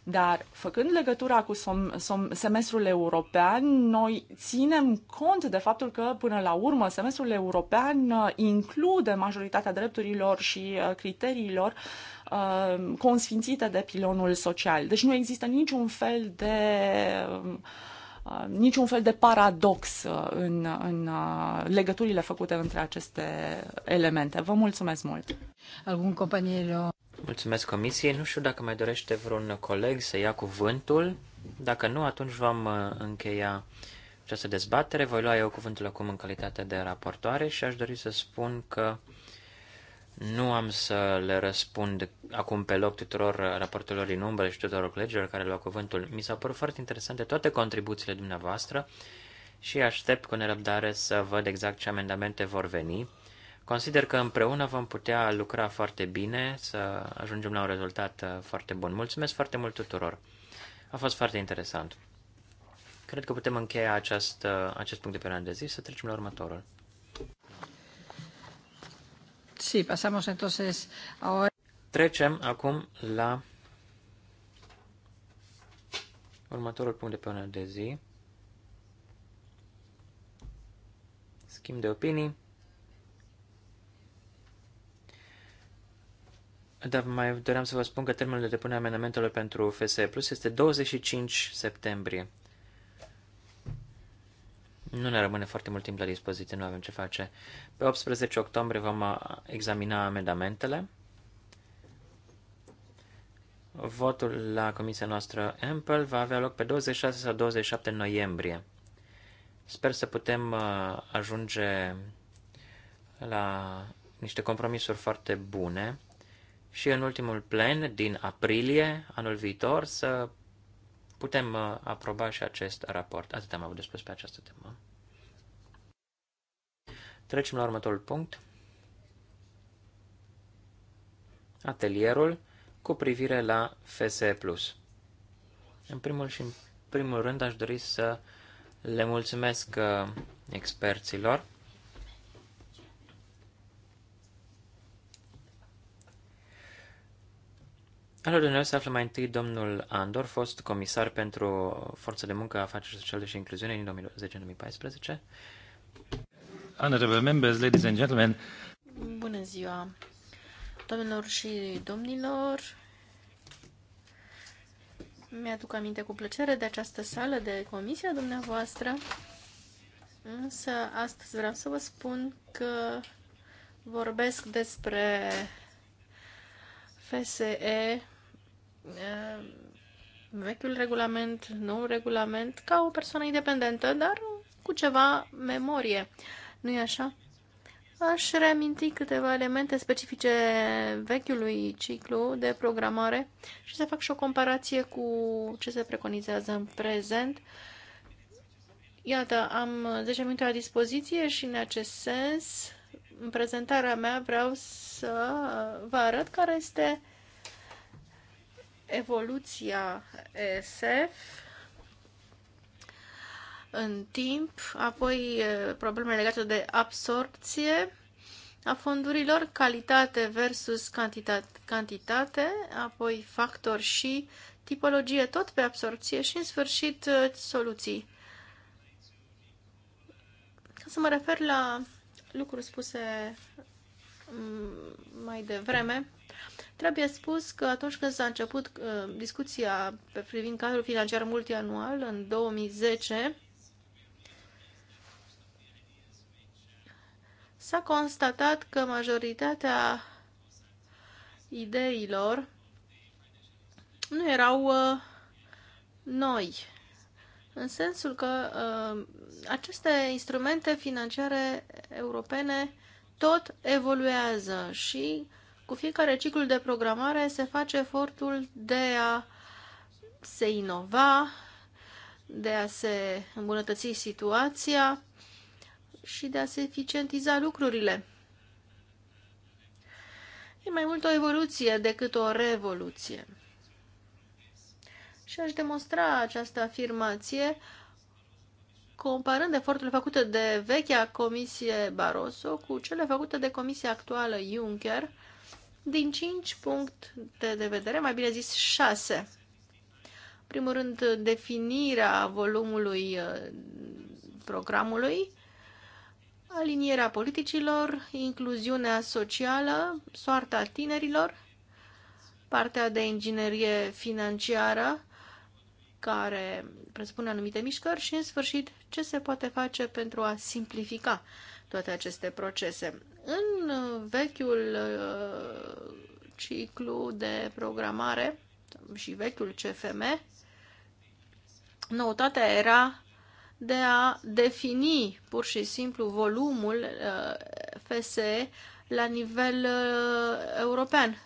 Dar, făcând legătura cu som, som, semestrul european, noi ținem cont de faptul că, până la urmă, semestrul european uh, include majoritatea drepturilor și uh, criteriilor uh, consfințite de pilonul social. Deci nu există niciun fel de niciun fel de paradox în, în legăturile făcute între aceste elemente. Vă mulțumesc mult! Algun companiero Mulțumesc comisiei. Nu știu dacă mai dorește vreun coleg să ia cuvântul. Dacă nu, atunci vom uh, încheia această dezbatere. Voi lua eu cuvântul acum în calitate de raportoare și aș dori să spun că nu am să le răspund acum pe loc tuturor raportelor din umbră și tuturor colegilor care luau cuvântul. Mi s-au părut foarte interesante toate contribuțiile dumneavoastră și aștept cu nerăbdare să văd exact ce amendamente vor veni Consider că împreună vom putea lucra foarte bine, să ajungem la un rezultat uh, foarte bun. Mulțumesc foarte mult tuturor! A fost foarte interesant. Cred că putem încheia acest, uh, acest punct de pe de zi să trecem la următorul. Sí, pasamos entonces ahora... Trecem acum la următorul punct de pe de zi. Schimb de opinii Dar mai doream să vă spun că termenul de depunere a amendamentelor pentru FSE Plus este 25 septembrie. Nu ne rămâne foarte mult timp la dispoziție, nu avem ce face. Pe 18 octombrie vom examina amendamentele. Votul la comisia noastră Ample va avea loc pe 26 sau 27 noiembrie. Sper să putem ajunge la niște compromisuri foarte bune și în ultimul plen din aprilie anul viitor să putem uh, aproba și acest raport. Atât am avut de spus pe această temă. Trecem la următorul punct. Atelierul cu privire la FSE+. În primul și în primul rând aș dori să le mulțumesc uh, experților Alături de noi se află mai întâi domnul Andor, fost comisar pentru Forță de Muncă, Afaceri Sociale și Incluziune în 2010-2014. Honorable members, ladies and gentlemen. Bună ziua, domnilor și domnilor. Mi-aduc aminte cu plăcere de această sală de comisia dumneavoastră, însă astăzi vreau să vă spun că vorbesc despre FSE Ehm, vechiul regulament, nou regulament, ca o persoană independentă, dar cu ceva memorie. nu e așa? Aș reaminti câteva elemente specifice vechiului ciclu de programare și să fac și o comparație cu ce se preconizează în prezent. Iată, am 10 minute la dispoziție și în acest sens, în prezentarea mea, vreau să vă arăt care este evoluția SF, în timp, apoi probleme legate de absorpție a fondurilor, calitate versus cantitate, cantitate apoi factor și tipologie tot pe absorpție și în sfârșit soluții. Ca să mă refer la lucruri spuse mai devreme, Trebuie spus că atunci când s-a început uh, discuția privind cadrul financiar multianual în 2010, s-a constatat că majoritatea ideilor nu erau uh, noi, în sensul că uh, aceste instrumente financiare europene tot evoluează și uh, cu fiecare ciclu de programare se face efortul de a se inova, de a se îmbunătăți situația și de a se eficientiza lucrurile. E mai mult o evoluție decât o revoluție. Și aș demonstra această afirmație comparând eforturile făcute de vechea comisie Barroso cu cele făcute de comisia actuală Juncker din cinci puncte de vedere, mai bine zis 6. În primul rând, definirea volumului uh, programului, alinierea politicilor, incluziunea socială, soarta tinerilor, partea de inginerie financiară, care presupune anumite mișcări și, în sfârșit, ce se poate face pentru a simplifica toate aceste procese. În uh, vechiul uh, ciclu de programare și vechiul CFM, noutatea era de a defini pur și simplu volumul uh, FSE la nivel european.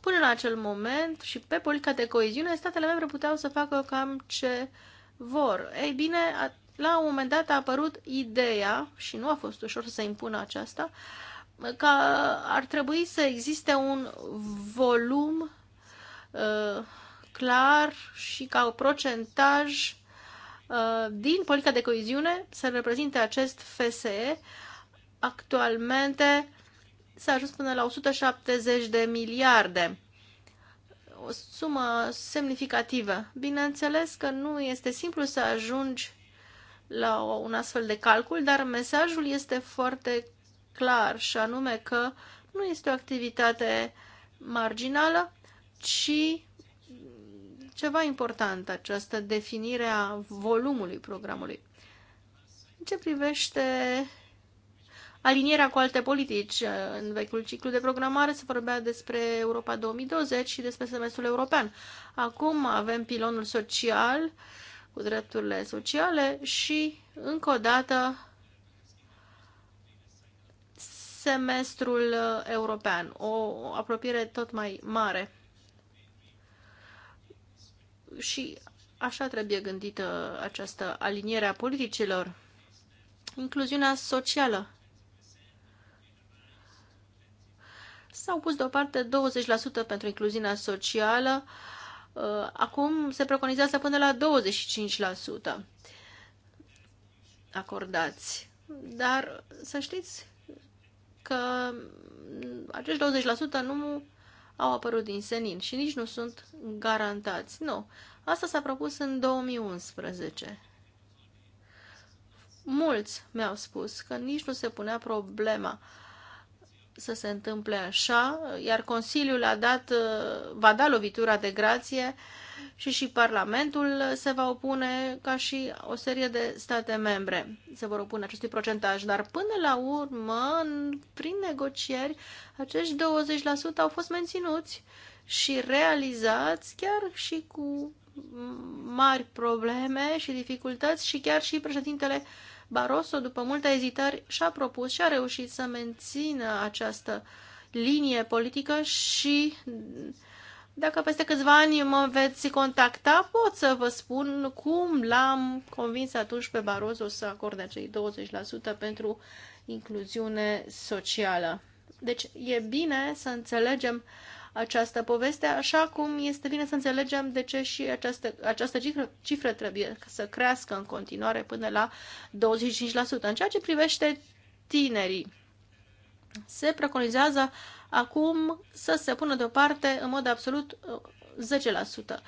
Până în acel moment și pe politica de coeziune, statele membre puteau să facă cam ce vor. Ei bine, la un moment dat a apărut ideea, și nu a fost ușor să impună aceasta, că ar trebui să existe un volum uh, clar și ca o procentaj uh, din politica de coeziune să reprezinte acest FSE. Actualmente s-a ajuns până la 170 de miliarde o sumă semnificativă. Bineînțeles că nu este simplu să ajungi la un astfel de calcul, dar mesajul este foarte clar și anume că nu este o activitate marginală, ci ceva important această definire a volumului programului. În ce privește alinierea cu alte politici, în vechiul ciclu de programare se vorbea despre Europa 2020 și despre semestrul european. Acum avem pilonul social, uh, cu drepturile sociale și, încă o dată, semestrul uh, european, o apropiere tot mai mare. Și așa trebuie gândită această aliniere a politicilor. Incluziunea socială. S-au pus deoparte 20% pentru incluziunea socială, uh, Uh, acum se preconizează până la 25% acordați. Dar să știți că acești 20% nu au apărut din senin și nici nu sunt garantați. Nu. Asta s-a propus în 2011. Mulți mi-au spus că nici nu se punea problema uh, să se întâmple așa, iar Consiliul a dat, uh, va da lovitura de grație și și Parlamentul se va opune ca și o serie de state membre se vor opune acestui procentaj. Dar până la urmă, prin negocieri, acești 20% au fost menținuți și realizați chiar și cu mari probleme și dificultăți și chiar și președintele uh, Barroso, după multe ezitări, și-a propus și a reușit să mențină această linie politică și dacă peste câțiva ani mă veți contacta, pot să vă spun cum l-am convins atunci pe Barroso să acorde acei 20% pentru incluziune socială. Deci e bine să înțelegem uh, această poveste, așa cum este bine să înțelegem de ce și această, această cifră, cifră trebuie să crească în continuare până la 25%. În ceea ce privește tinerii, se preconizează acum să se pună deoparte în mod absolut 10% uh,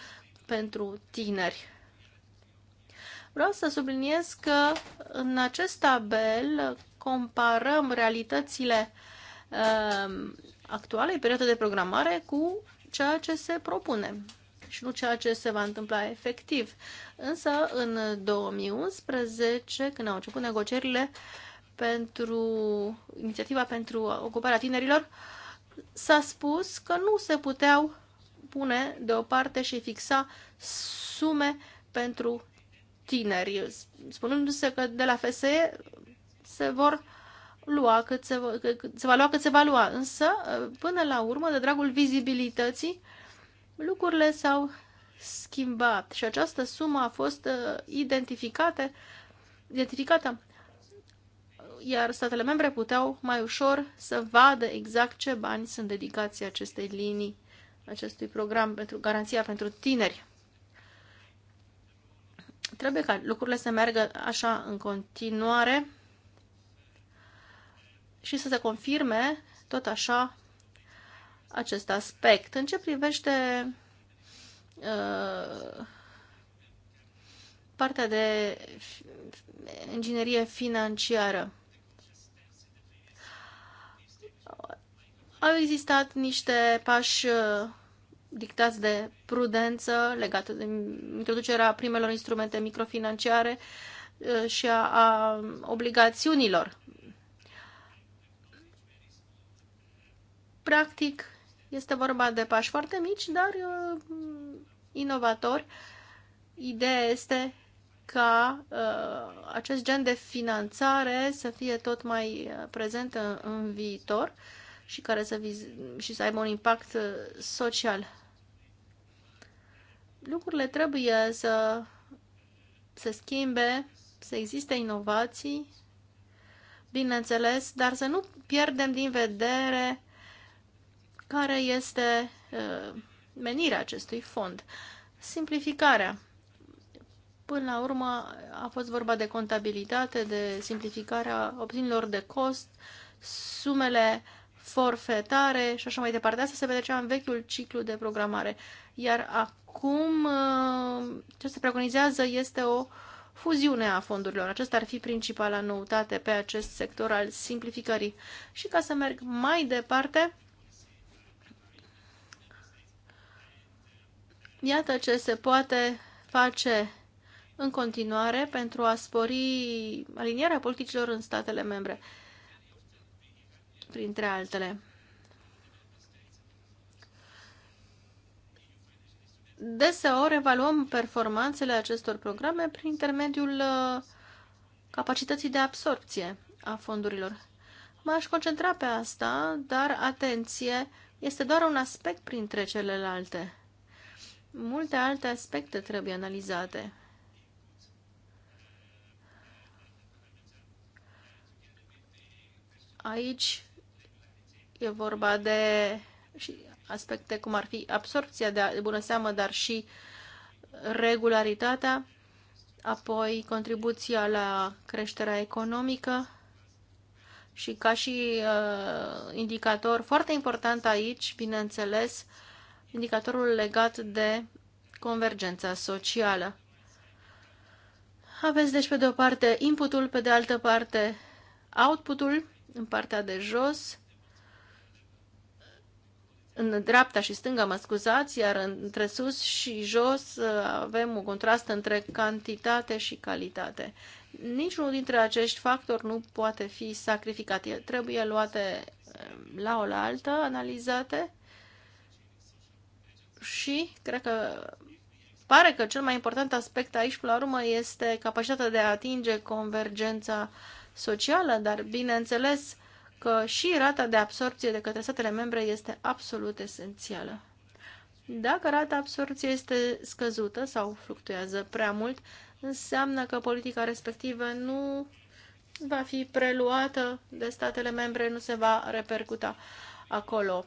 pentru tineri. Vreau să subliniez că în acest tabel comparăm realitățile uh, actualei perioade de programare cu ceea ce se propune și nu ceea ce se va întâmpla efectiv. Însă, în 2011, când au început negocierile pentru inițiativa pentru ocuparea tinerilor, s-a spus că nu se puteau pune deoparte și fixa sume pentru tineri, spunându-se că de la FSE se vor lua cât se, va, cât se va lua cât se va lua, însă până la urmă, de dragul vizibilității, lucrurile s-au schimbat și această sumă a fost uh, identificată, identificată iar statele membre puteau mai ușor să vadă exact ce bani sunt dedicați acestei linii, acestui program pentru garanția pentru tineri. Trebuie ca lucrurile să meargă așa în continuare și să se confirme tot așa acest aspect. În ce privește uh, partea de inginerie financiară, au existat niște pași uh, dictați de prudență legată de introducerea primelor instrumente microfinanciare uh, și a obligațiunilor Practic, este vorba de pași foarte mici, dar uh, inovatori. Ideea este ca uh, acest gen de finanțare să fie tot mai uh, prezent în, în viitor și, care să și să aibă un impact uh, social. Lucrurile trebuie să se schimbe, să existe inovații, bineînțeles, dar să nu pierdem din vedere care este menirea acestui fond. Simplificarea. Până la urmă a fost vorba de contabilitate, de simplificarea opțiunilor de cost, sumele forfetare și așa mai departe. Asta se petrecea în vechiul ciclu de programare. Iar acum ce se preconizează este o fuziune a fondurilor. Acesta ar fi principala noutate pe acest sector al simplificării. Și ca să merg mai departe, Iată ce se poate face în continuare pentru a spori alinierea politicilor în statele membre, printre altele. Deseori evaluăm performanțele acestor programe prin intermediul uh, capacității de absorpție a fondurilor. M-aș concentra pe asta, dar atenție, este doar un aspect printre celelalte. Multe alte aspecte trebuie analizate. Aici e vorba de și aspecte cum ar fi absorpția de bună seamă, dar și regularitatea, apoi contribuția la creșterea economică și ca și uh, indicator foarte important aici, bineînțeles, uh, indicatorul legat de convergența socială. Aveți deci pe de o parte inputul, pe de altă parte outputul în partea de jos, în dreapta și stânga, mă scuzați, iar între sus și jos uh, avem un contrast între cantitate și calitate. Niciunul dintre acești factori nu poate fi sacrificat. Trebuie luate um, la o la altă, analizate și cred că pare că cel mai important aspect aici, până la urmă, este capacitatea de a atinge convergența socială, dar bineînțeles că și rata de absorpție de către statele membre este absolut esențială. Dacă rata absorpției este scăzută sau fluctuează prea mult, înseamnă că politica respectivă nu va fi preluată de statele membre, nu se va repercuta acolo.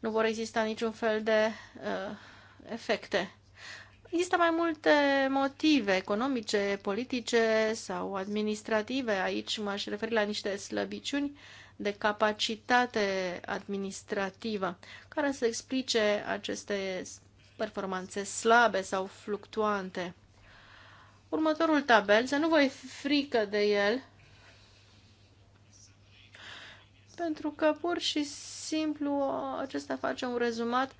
Nu vor exista niciun fel de uh, efecte. Există mai multe motive economice, politice sau administrative. Aici m-aș referi la niște slăbiciuni de capacitate administrativă care să explice aceste performanțe slabe sau fluctuante. Următorul tabel, să nu voi frică de el, pentru că pur și simplu acesta face un rezumat uh,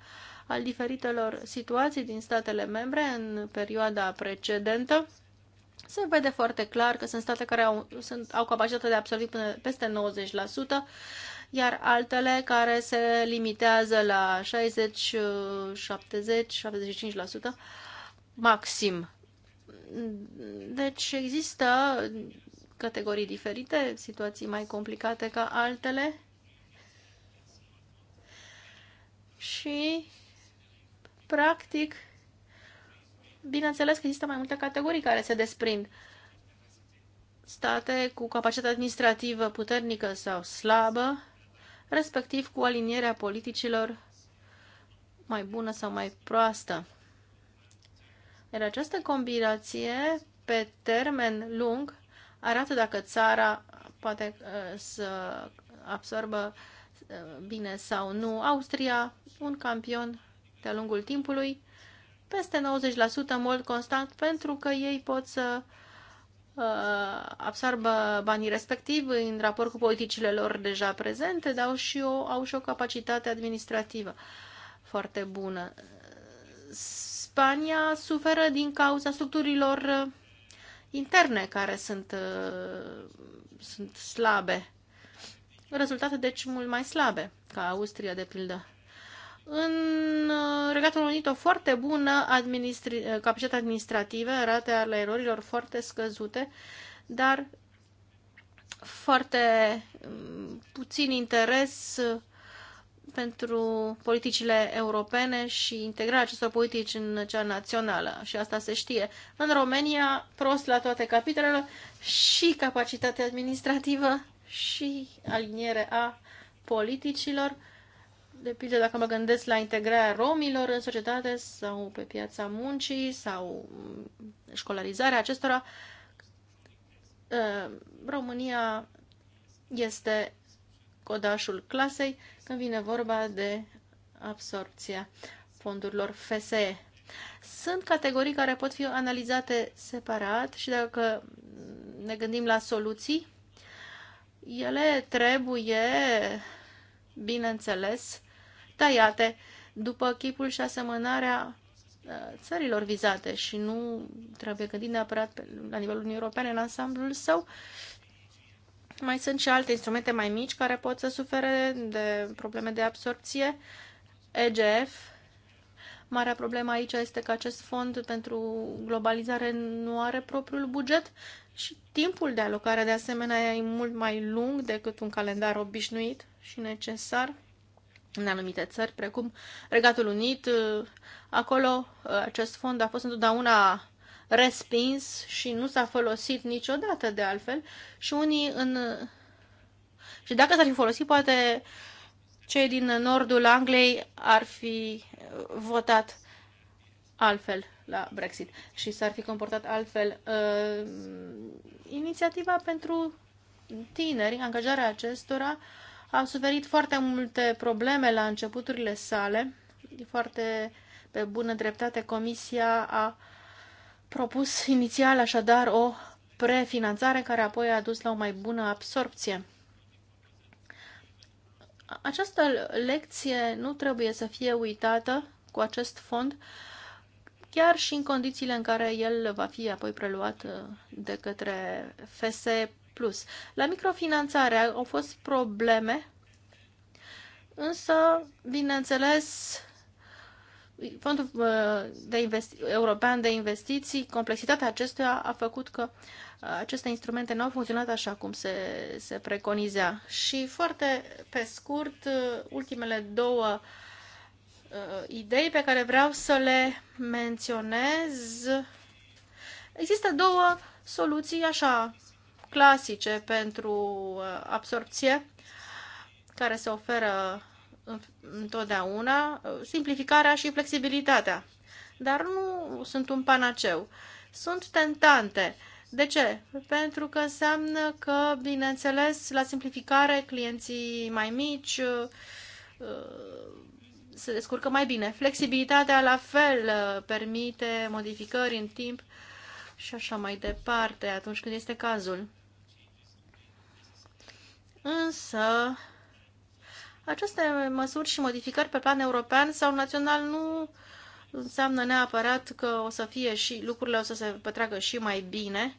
al diferitelor situații din statele membre în perioada precedentă, se vede foarte clar că sunt state care au, sunt, au capacitatea de a absorbi până peste 90%, iar altele care se limitează la 60, 70, 75% maxim. Deci există categorii diferite, situații mai complicate ca altele. Și practic, bineînțeles că există mai multe categorii care se desprind. State cu capacitate administrativă puternică sau slabă, respectiv cu alinierea politicilor mai bună sau mai proastă. Iar această combinație pe termen lung arată dacă țara poate uh, să absorbă uh, bine sau nu. Austria, un campion de-a lungul timpului, peste 90% în mod constant, pentru că ei pot să uh, absorbă banii respectivi în raport cu politicile lor deja prezente, dar au și, o, au și o capacitate administrativă foarte bună. Spania suferă din cauza structurilor uh, interne care sunt, uh, sunt slabe. Rezultate, deci, mult mai slabe ca Austria, de pildă. În uh, Regatul Unit o foarte bună administri- uh, capacitate administrativă, rate ale erorilor foarte scăzute, dar foarte um, puțin interes uh, pentru politicile europene și integrarea acestor politici în cea națională și asta se știe. În România, prost la toate capitolele și capacitate administrativă și aliniere a politicilor de pildă dacă mă gândesc la integrarea romilor în societate sau pe piața muncii sau școlarizarea acestora, ă, România este codașul clasei când vine vorba de absorpția fondurilor FSE. Sunt categorii care pot fi analizate separat și dacă ne gândim la soluții, ele trebuie, bineînțeles, tăiate după chipul și asemănarea uh, țărilor vizate și nu trebuie gândit neapărat la nivelul Uniunii Europene în ansamblul său. Mai sunt și alte instrumente mai mici care pot să sufere de probleme de absorpție. EGF. Marea problemă aici este că acest fond pentru globalizare nu are propriul buget și timpul de alocare de asemenea e mult mai lung decât un calendar obișnuit și necesar în anumite țări, precum Regatul Unit. Uh, acolo uh, acest fond a fost întotdeauna respins și nu s-a folosit niciodată de altfel și unii în... Uh, și dacă s-ar fi folosit, poate cei din nordul Angliei ar fi votat altfel la Brexit și s-ar fi comportat altfel. Uh, inițiativa pentru tineri, angajarea acestora, uh, a suferit foarte multe probleme la începuturile sale. Foarte pe bună dreptate, Comisia a propus inițial așadar o prefinanțare care apoi a dus la o mai bună absorpție. Această lecție nu trebuie să fie uitată cu acest fond, chiar și în condițiile în care el va fi apoi preluat uh, de către FSE plus. La microfinanțare au fost probleme, însă, bineînțeles, Fondul uh, de investi- European de Investiții, complexitatea acestuia a făcut că uh, aceste instrumente nu au funcționat așa cum se, se preconizea. Și foarte pe scurt, uh, ultimele două uh, idei pe care vreau să le menționez. Există două soluții așa clasice pentru uh, absorpție care se oferă întotdeauna, uh, simplificarea și flexibilitatea. Dar nu sunt un panaceu. Sunt tentante. De ce? Pentru că înseamnă că, bineînțeles, la simplificare clienții mai mici uh, se descurcă mai bine. Flexibilitatea la fel permite modificări în timp și așa mai departe atunci când este cazul însă aceste măsuri și modificări pe plan european sau național nu înseamnă neapărat că o să fie și lucrurile o să se petreacă și mai bine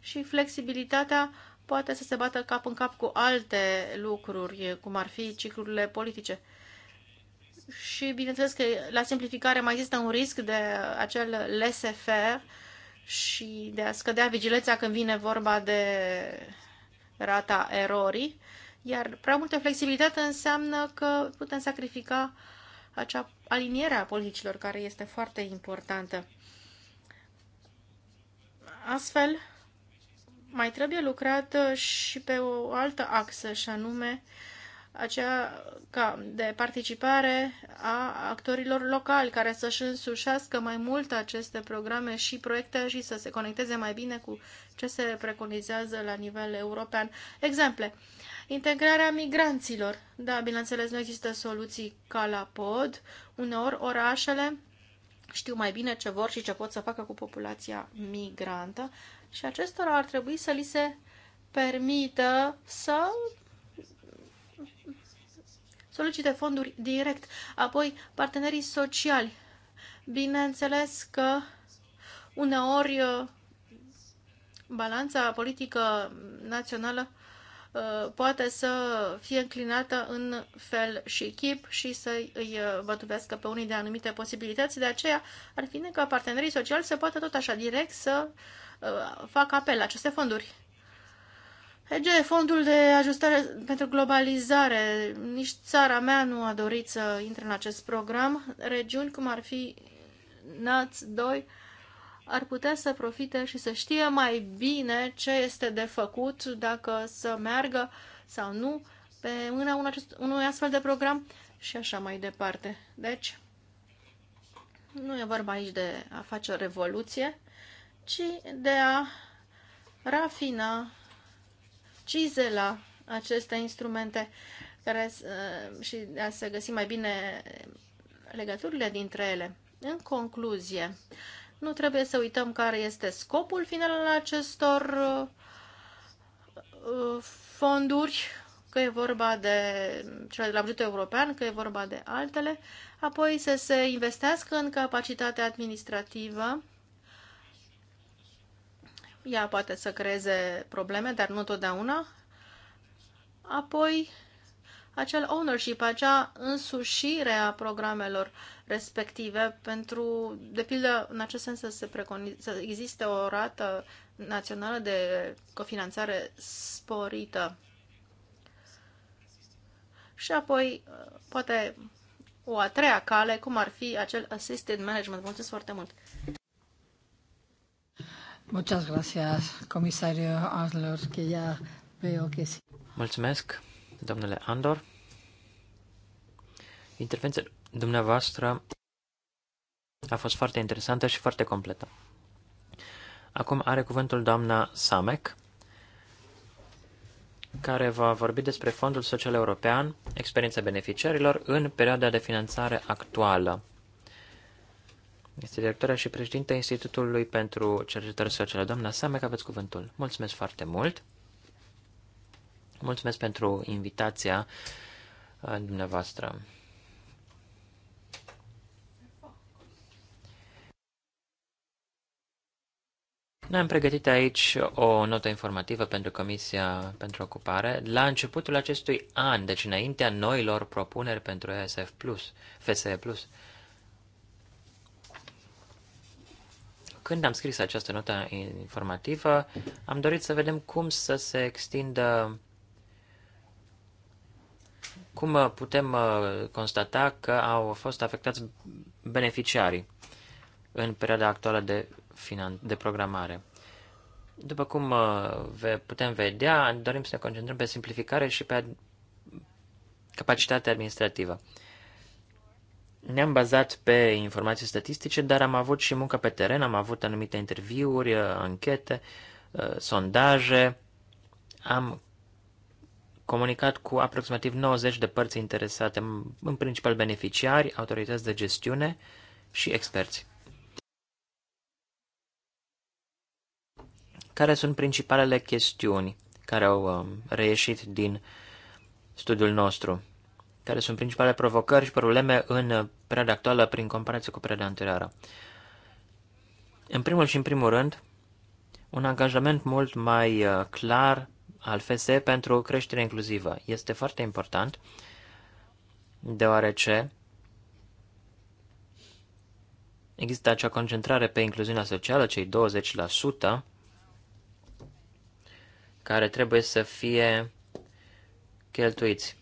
și flexibilitatea poate să se bată cap în cap cu alte lucruri, cum ar fi ciclurile politice. Și bineînțeles că la simplificare mai există un risc de acel laissez-faire și de a scădea vigileța când vine vorba de rata erorii, iar prea multă flexibilitate înseamnă că putem sacrifica acea aliniere a politicilor care este foarte importantă. Astfel, mai trebuie lucrat uh, și pe o altă axă, și anume aceea ca de participare a actorilor locali care să-și însușească mai mult aceste programe și proiecte și să se conecteze mai bine cu ce se preconizează la nivel european. Exemple. Integrarea migranților. Da, bineînțeles, nu există soluții ca la pod. Uneori, orașele știu mai bine ce vor și ce pot să facă cu populația migrantă și acestora ar trebui să li se permită să solicite fonduri direct. Apoi, partenerii sociali. Bineînțeles că uneori uh, balanța politică națională uh, poate să fie înclinată în fel și chip și să îi uh, bătubească pe unii de anumite posibilități. De aceea ar fi bine ca partenerii sociali să poată tot așa direct să facă apel la aceste fonduri. EGE, fondul de ajustare pentru globalizare, nici țara mea nu a dorit să intre în acest program. Regiuni cum ar fi NATS 2 ar putea să profite și să știe mai bine ce este de făcut, dacă să meargă sau nu pe mâna un acest, unui astfel de program și așa mai departe. Deci, nu e vorba aici de a face o revoluție, ci de a rafina accize la aceste instrumente care, uh, și de a se găsi mai bine legăturile dintre ele. În concluzie, nu trebuie să uităm care este scopul final al acestor uh, fonduri, că e vorba de cele de la bugetul european, că e vorba de altele, apoi să se investească în capacitatea administrativă, ea poate să creeze probleme, dar nu totdeauna. Apoi, acel ownership, acea însușire a programelor respective pentru, de pildă, în acest sens să, se să existe o rată națională de cofinanțare sporită. Și apoi, poate, o a treia cale, cum ar fi acel assisted management. Mulțumesc foarte mult! Muchas gracias, comisario que ya veo que sí. Mulțumesc, domnule Andor. Intervenția dumneavoastră a fost foarte interesantă și foarte completă. Acum are cuvântul doamna Samek, care va vorbi despre Fondul Social European, experiența beneficiarilor în perioada de finanțare actuală. Este directora și președinta Institutului pentru Cercetări Sociale. Doamna Samec, aveți cuvântul. Mulțumesc foarte mult. Mulțumesc pentru invitația uh, dumneavoastră. Noi am pregătit aici o notă informativă pentru Comisia pentru Ocupare la începutul acestui an, deci înaintea noilor propuneri pentru ESF+, FSE+. Când am scris această notă informativă, am dorit să vedem cum să se extindă, cum uh, putem uh, constata că au fost afectați beneficiarii în perioada actuală de, finan- de programare. După cum uh, putem vedea, dorim să ne concentrăm pe simplificare și pe capacitatea administrativă. Ne-am bazat pe informații statistice, dar am avut și muncă pe teren, am avut anumite interviuri, uh, anchete, uh, sondaje, am comunicat cu aproximativ 90 de părți interesate, în principal beneficiari, autorități de gestiune și experți. Care sunt principalele chestiuni care au um, reieșit din studiul nostru? care sunt principale provocări și probleme în perioada actuală prin comparație cu perioada anterioară. În primul și în primul rând, un angajament mult mai uh, clar al FSE pentru o creștere inclusivă. Este foarte important, deoarece există acea concentrare pe incluziunea socială, cei 20%, care trebuie să fie cheltuiți.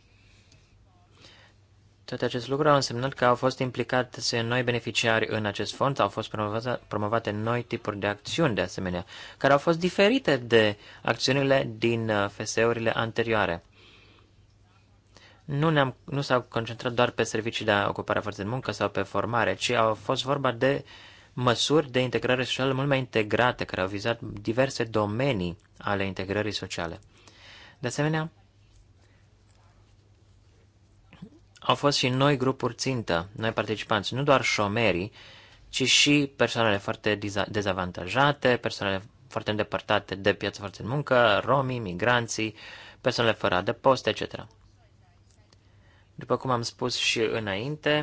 Tot acest lucru a însemnat că au fost implicate noi beneficiari în acest fond, au fost promovate, promovate noi tipuri de acțiuni de asemenea, care au fost diferite de acțiunile din uh, FSE-urile anterioare. Nu, ne-am, nu s-au concentrat doar pe servicii de ocupare a forței de muncă sau pe formare, ci au fost vorba de măsuri de integrare socială mult mai integrate, care au vizat diverse domenii ale integrării sociale. De asemenea, au fost și noi grupuri țintă, noi participanți, nu doar șomerii, ci și persoanele foarte dezavantajate, persoanele foarte îndepărtate de piața forței de muncă, romii, migranții, persoanele fără adăpost, etc. După cum am spus și înainte,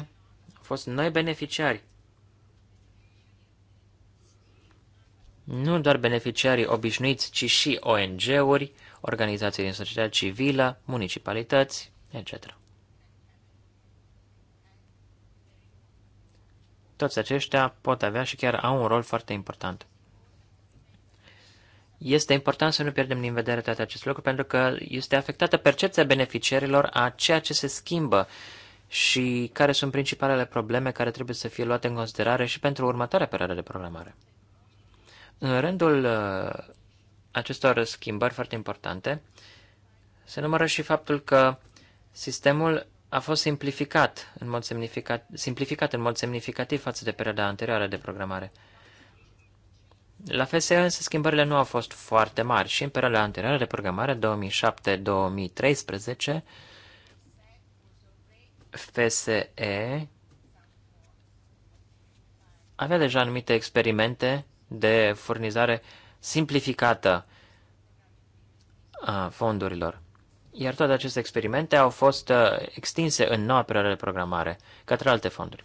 au fost noi beneficiari. Nu doar beneficiarii obișnuiți, ci și ONG-uri, organizații din societatea civilă, municipalități, etc. toți aceștia pot avea și chiar au un rol foarte important. Este important să nu pierdem din vedere toate acest lucru, pentru că este afectată percepția beneficiarilor a ceea ce se schimbă și care sunt principalele probleme care trebuie să fie luate în considerare și pentru următoarea perioadă de programare. În rândul uh, acestor schimbări foarte importante, se numără și faptul că sistemul a fost simplificat în mod semnificat, simplificat în mod semnificativ față de perioada anterioară de programare. La FSE însă schimbările nu au fost foarte mari și în perioada anterioară de programare 2007-2013 FSE avea deja anumite experimente de furnizare simplificată a fondurilor. Iar toate aceste experimente au fost uh, extinse în noua perioadă de programare către alte fonduri.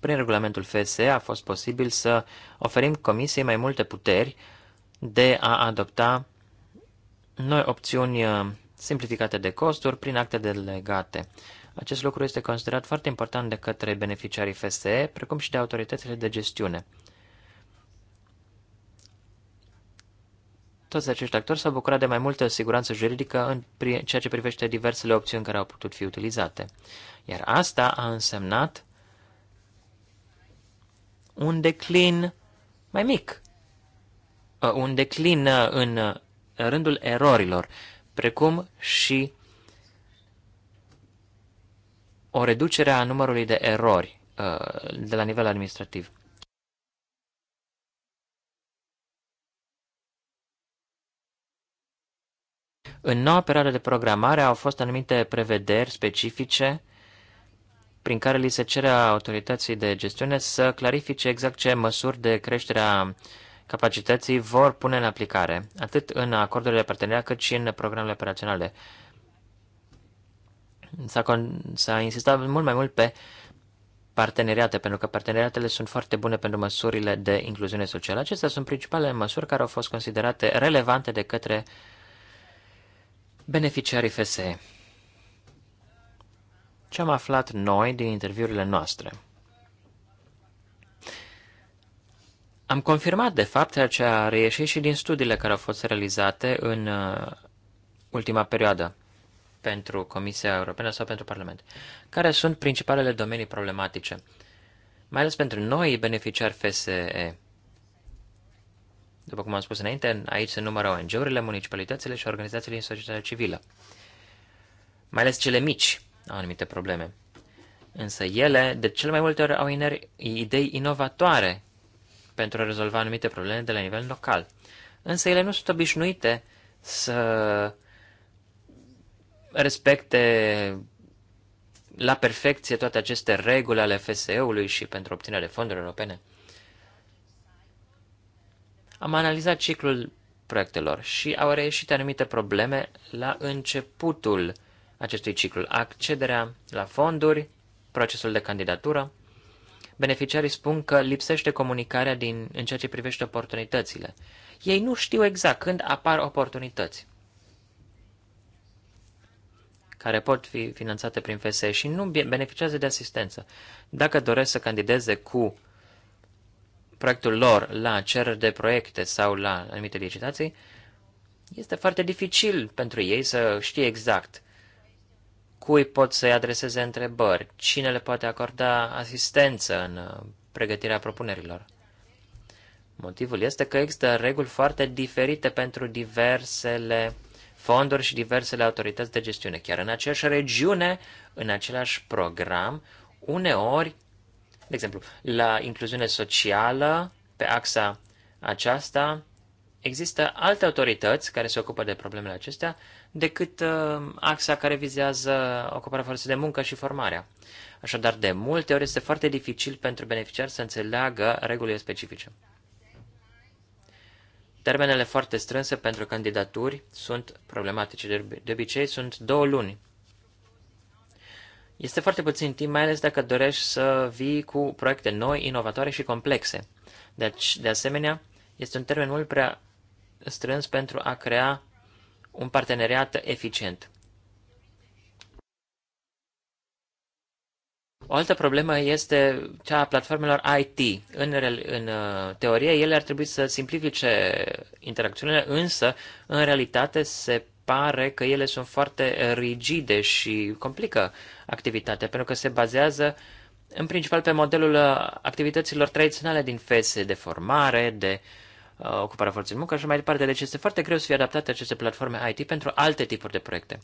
Prin regulamentul FSE a fost posibil să oferim comisiei mai multe puteri de a adopta noi opțiuni uh, simplificate de costuri prin acte delegate. Acest lucru este considerat foarte important de către beneficiarii FSE, precum și de autoritățile de gestiune. Toți acești actori s-au bucurat de mai multă siguranță juridică în ceea ce privește diversele opțiuni care au putut fi utilizate. Iar asta a însemnat un declin mai mic, uh, un declin uh, în uh, rândul erorilor, precum și o reducere a numărului de erori de la nivel administrativ. În noua perioadă de programare au fost anumite prevederi specifice prin care li se cere autorității de gestiune să clarifice exact ce măsuri de creștere a capacității vor pune în aplicare, atât în acordurile de parteneriat cât și în programele operaționale. S-a, insistat mult mai mult pe parteneriate, pentru că parteneriatele sunt foarte bune pentru măsurile de incluziune socială. Acestea sunt principalele măsuri care au fost considerate relevante de către uh, Beneficiarii FSE Ce am aflat noi din interviurile noastre? Am confirmat, de fapt, ceea ce a reieșit și din studiile care au fost realizate în uh, ultima perioadă pentru Comisia Europeană sau pentru Parlament. Care sunt principalele domenii problematice? Mai ales pentru noi beneficiari FSE. După cum am spus înainte, aici se numără ONG-urile, municipalitățile și organizațiile din societatea civilă. Mai ales cele mici au anumite probleme. Însă ele, de cel mai multe ori, au idei inovatoare pentru a rezolva anumite probleme de la nivel local. Însă ele nu sunt obișnuite să respecte la perfecție toate aceste reguli ale FSE-ului și pentru obținerea de fonduri europene. Am analizat ciclul proiectelor și au reieșit anumite probleme la începutul acestui ciclu. Accederea la fonduri, procesul de candidatură. Beneficiarii spun că lipsește comunicarea din, în ceea ce privește oportunitățile. Ei nu știu exact când apar oportunități care pot fi finanțate prin FSE și nu beneficiază de asistență. Dacă doresc să candideze cu proiectul lor la cereri de proiecte sau la anumite licitații, este foarte dificil pentru ei să știe exact cui pot să-i adreseze întrebări, cine le poate acorda asistență în uh, pregătirea propunerilor. Motivul este că există reguli foarte diferite pentru diversele fonduri și diversele autorități de gestiune. Chiar în aceeași regiune, în același program, uneori de exemplu, la incluziune socială, pe axa aceasta, există alte autorități care se ocupă de problemele acestea decât uh, axa care vizează ocuparea forței de muncă și formarea. Așadar, de multe ori este foarte dificil pentru beneficiari să înțeleagă regulile specifice. Termenele foarte strânse pentru candidaturi sunt problematice. De obicei sunt două luni este foarte puțin timp, mai ales dacă dorești să vii cu proiecte noi, inovatoare și complexe. Deci, de asemenea, este un termen mult prea strâns pentru a crea un parteneriat eficient. O altă problemă este cea a platformelor IT. În, în uh, teorie, ele ar trebui să simplifice interacțiunile, însă, în realitate, se pare că ele sunt foarte eh, rigide și complică activitatea, pentru că se bazează în principal pe modelul eh, activităților tradiționale din fese de formare, de uh, eh, ocuparea forței de muncă și mai departe. Deci este foarte greu să fie adaptate aceste platforme IT pentru alte tipuri de proiecte.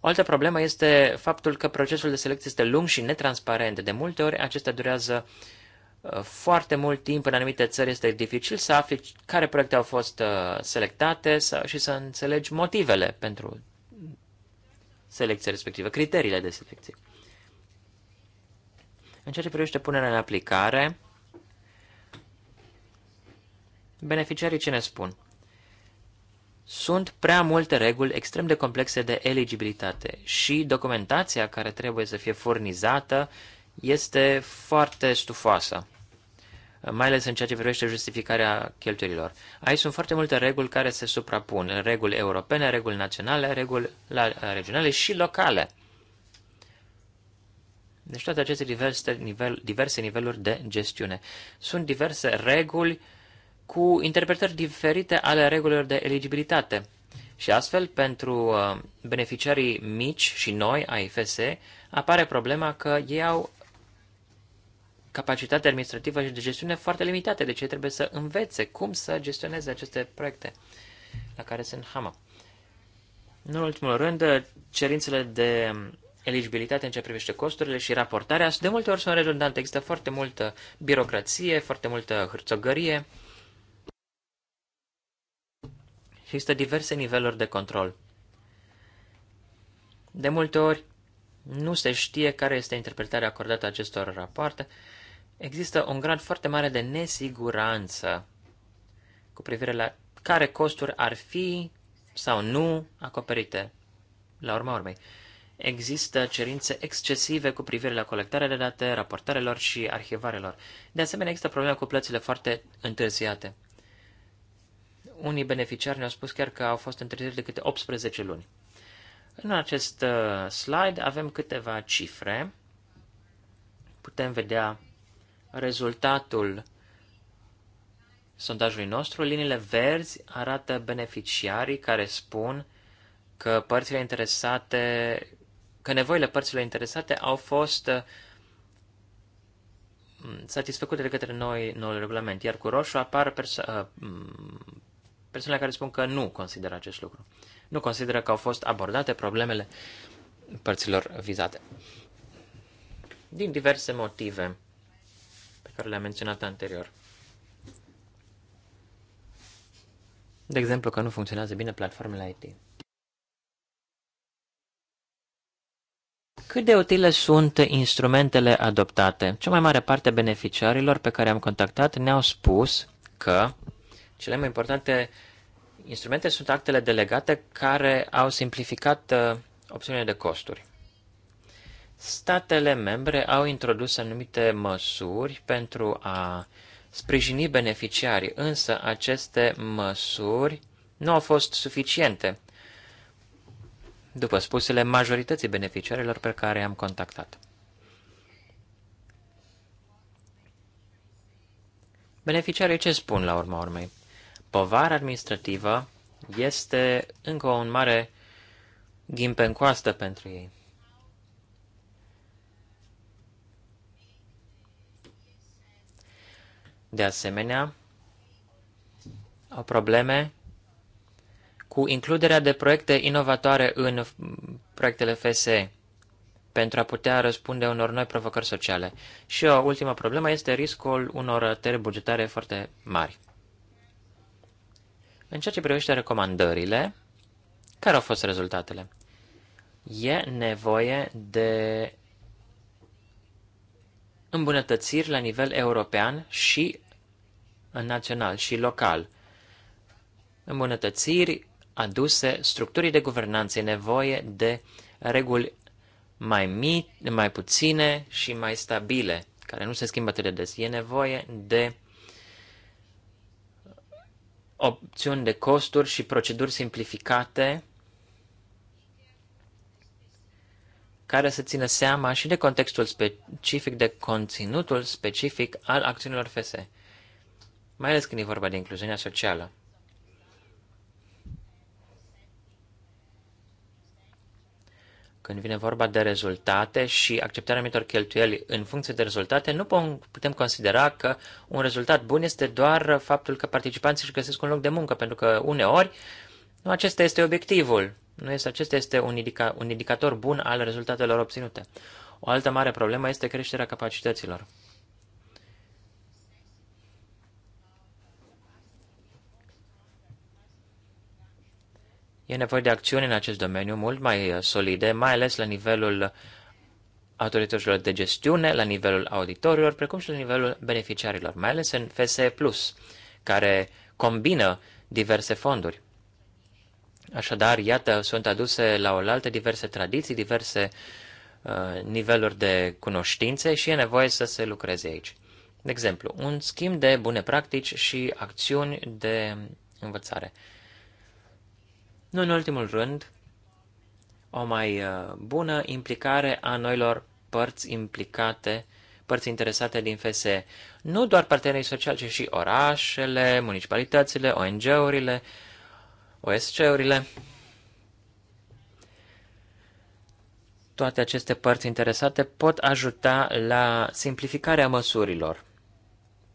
O altă problemă este faptul că procesul de selecție este lung și netransparent. De multe ori acestea durează uh, Uh, foarte mult timp în anumite țări este dificil să afli care proiecte au fost uh, selectate și să înțelegi motivele pentru selecția respectivă, criteriile de selecție. În ceea ce privește punerea în aplicare, beneficiarii ce ne spun? Sunt prea multe reguli extrem de complexe de eligibilitate și documentația care trebuie să fie furnizată este foarte stufoasă, mai ales în ceea ce privește justificarea cheltuielilor. Aici sunt foarte multe reguli care se suprapun, reguli europene, reguli naționale, reguli regionale și locale. Deci toate aceste diverse, nivel, diverse niveluri de gestiune. Sunt diverse reguli cu interpretări diferite ale regulilor de eligibilitate. Și astfel, pentru uh, beneficiarii mici și noi ai FSE, apare problema că ei au capacitate administrativă și de gestiune foarte limitate, deci ei trebuie să învețe cum să gestioneze aceste proiecte la care sunt hamă. în ultimul rând, cerințele de eligibilitate în ce privește costurile și raportarea de multe ori sunt redundante. Există foarte multă birocrație, foarte multă hârțogărie și există diverse niveluri de control. De multe ori, nu se știe care este interpretarea acordată acestor rapoarte Există un grad foarte mare de nesiguranță cu privire la care costuri ar fi sau nu acoperite. La urma urmei, există cerințe excesive cu privire la colectarea de date, raportarelor și arhivarelor. De asemenea, există problema cu plățile foarte întârziate. Unii beneficiari ne-au spus chiar că au fost întârziate de câte 18 luni. În acest uh, slide avem câteva cifre. Putem vedea rezultatul sondajului nostru, liniile verzi arată beneficiarii care spun că părțile interesate, că nevoile părților interesate au fost mm, satisfăcute de către noi noul regulament, iar cu roșu apar perso- uh, mm, persoanele care spun că nu consideră acest lucru. Nu consideră că au fost abordate problemele părților vizate. Din diverse motive care le-am menționat anterior. De exemplu, că nu funcționează bine platformele IT. Cât de utile sunt instrumentele adoptate? Cea mai mare parte beneficiarilor pe care am contactat ne-au spus că cele mai importante instrumente sunt actele delegate care au simplificat uh, opțiunile de costuri. Statele membre au introdus anumite măsuri pentru a sprijini beneficiarii, însă aceste măsuri nu au fost suficiente, după spusele majorității beneficiarilor pe care am contactat. Beneficiarii ce spun la urma urmei? Povara administrativă este încă un mare ghimpe în coastă pentru ei. de asemenea, au probleme cu includerea de proiecte inovatoare în proiectele FSE pentru a putea răspunde unor noi provocări sociale. Și o ultimă problemă este riscul unor tăieri bugetare foarte mari. În ceea ce privește recomandările, care au fost rezultatele? E nevoie de îmbunătățiri la nivel european și național și local. Îmbunătățiri aduse structurii de guvernanță, nevoie de reguli mai, mici, mai puține și mai stabile, care nu se schimbă atât de des. E nevoie de opțiuni de costuri și proceduri simplificate care să țină seama și de contextul specific, de conținutul specific al acțiunilor FSE, mai ales când e vorba de incluziunea socială. Când vine vorba de rezultate și acceptarea anumitor cheltuieli în funcție de rezultate, nu putem considera că un rezultat bun este doar faptul că participanții își găsesc un loc de muncă, pentru că uneori nu acesta este obiectivul nu este, acesta este un, indica, un indicator bun al rezultatelor obținute. O altă mare problemă este creșterea capacităților. E nevoie de acțiuni în acest domeniu mult mai uh, solide, mai ales la nivelul autorităților de gestiune, la nivelul auditorilor, precum și la nivelul beneficiarilor, mai ales în FSE+, care combină diverse fonduri. Așadar, iată, sunt aduse la oaltă diverse tradiții, diverse uh, niveluri de cunoștințe și e nevoie să se lucreze aici. De exemplu, un schimb de bune practici și acțiuni de învățare. Nu în ultimul rând, o mai uh, bună implicare a noilor părți implicate, părți interesate din FSE. Nu doar partenerii sociali, ci și orașele, municipalitățile, ONG-urile, uh, OSC-urile. Toate aceste părți interesate pot ajuta la simplificarea măsurilor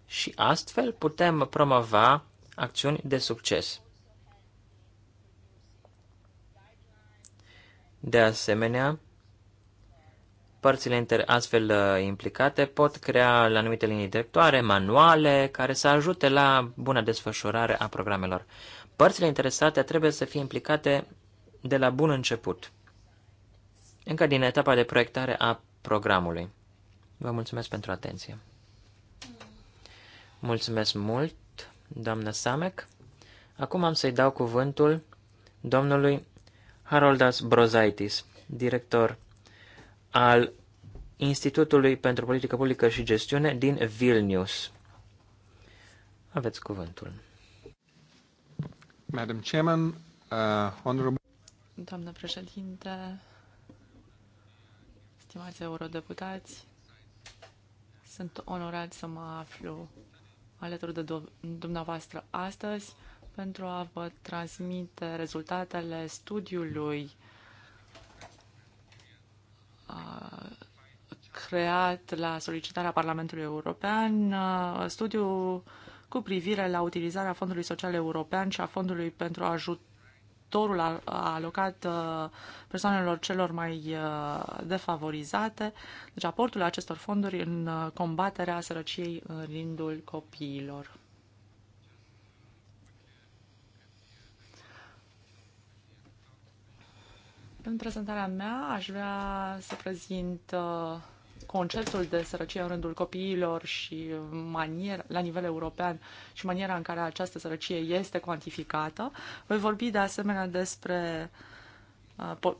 și astfel putem promova acțiuni de succes. De asemenea, părțile inter- astfel uh, implicate pot crea la anumite linii directoare, manuale, care să ajute la buna desfășurare a programelor. Părțile interesate trebuie să fie implicate de la bun început, încă din etapa de proiectare a programului. Vă mulțumesc pentru atenție. Mulțumesc mult, doamnă Samek. Acum am să-i dau cuvântul domnului Haroldas Brozaitis, director al Institutului pentru Politică Publică și Gestiune din Vilnius. Aveți cuvântul. Madam Chairman, uh, honorable... Doamnă președinte, stimați eurodeputați, sunt onorat să mă aflu alături de dumneavoastră astăzi pentru a vă transmite rezultatele studiului uh, creat la solicitarea Parlamentului European, uh, studiul cu privire la utilizarea Fondului Social European și a Fondului pentru ajutorul alocat uh, persoanelor celor mai uh, defavorizate, deci aportul acestor fonduri în uh, combaterea sărăciei în rândul copiilor. În prezentarea mea aș vrea să prezint uh, conceptul de sărăcie în rândul copiilor și manier, la nivel european și maniera în care această sărăcie este cuantificată. Voi vorbi de asemenea despre uh,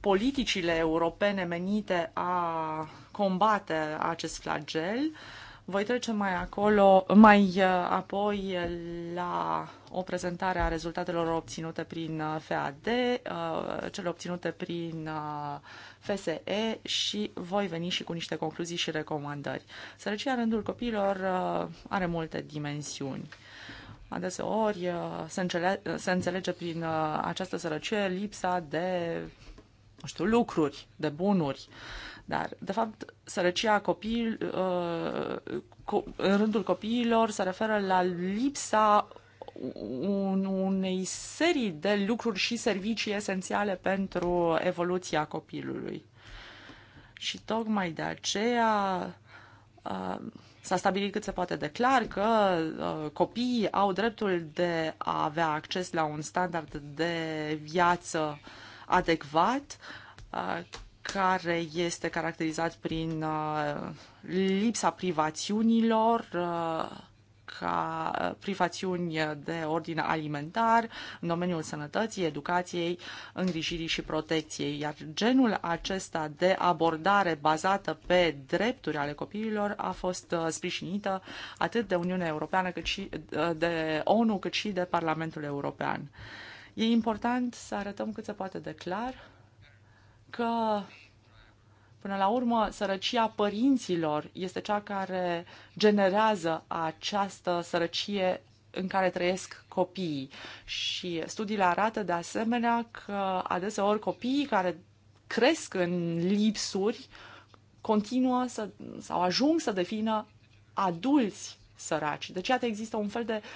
politicile europene menite a combate acest flagel voi trece mai acolo, mai uh, apoi la o prezentare a rezultatelor obținute prin uh, FAD, uh, cele obținute prin FSE și voi veni și cu niște concluzii și recomandări. Sărăcia în rândul copiilor are multe dimensiuni. Adeseori se, înțele- se înțelege prin această sărăcie lipsa de, nu știu, lucruri, de bunuri, dar, de fapt, sărăcia copil, uh, în rândul copiilor se referă la lipsa unei serii de lucruri și servicii esențiale pentru evoluția copilului. Și tocmai de aceea uh, s-a stabilit cât se poate de clar că uh, copiii au dreptul de a avea acces la un standard de viață adecvat, care este caracterizat prin uh, lipsa privațiunilor, uh, ca uh, privațiuni de ordin alimentar în domeniul sănătății, educației, îngrijirii și protecției. Iar genul acesta de abordare bazată pe drepturi ale copiilor a fost sprijinită atât de Uniunea Europeană cât și de ONU, cât și de Parlamentul European. E important să arătăm cât se poate de clar că Până la urmă, sărăcia părinților este cea care generează această sărăcie în care trăiesc copiii. Și studiile arată de asemenea că adeseori copiii care cresc în lipsuri continuă să, sau ajung să devină adulți săraci. Deci, iată, există un fel de uh,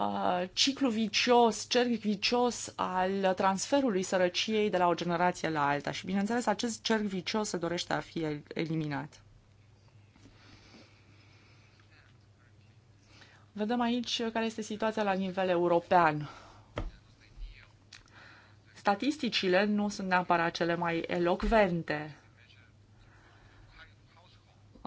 Uh, ciclu vicios, cerc vicios al transferului sărăciei de la o generație la alta și, bineînțeles, acest cerc vicios se dorește a fi eliminat. Vedem aici care este situația la nivel european. Statisticile nu sunt neapărat cele mai elocvente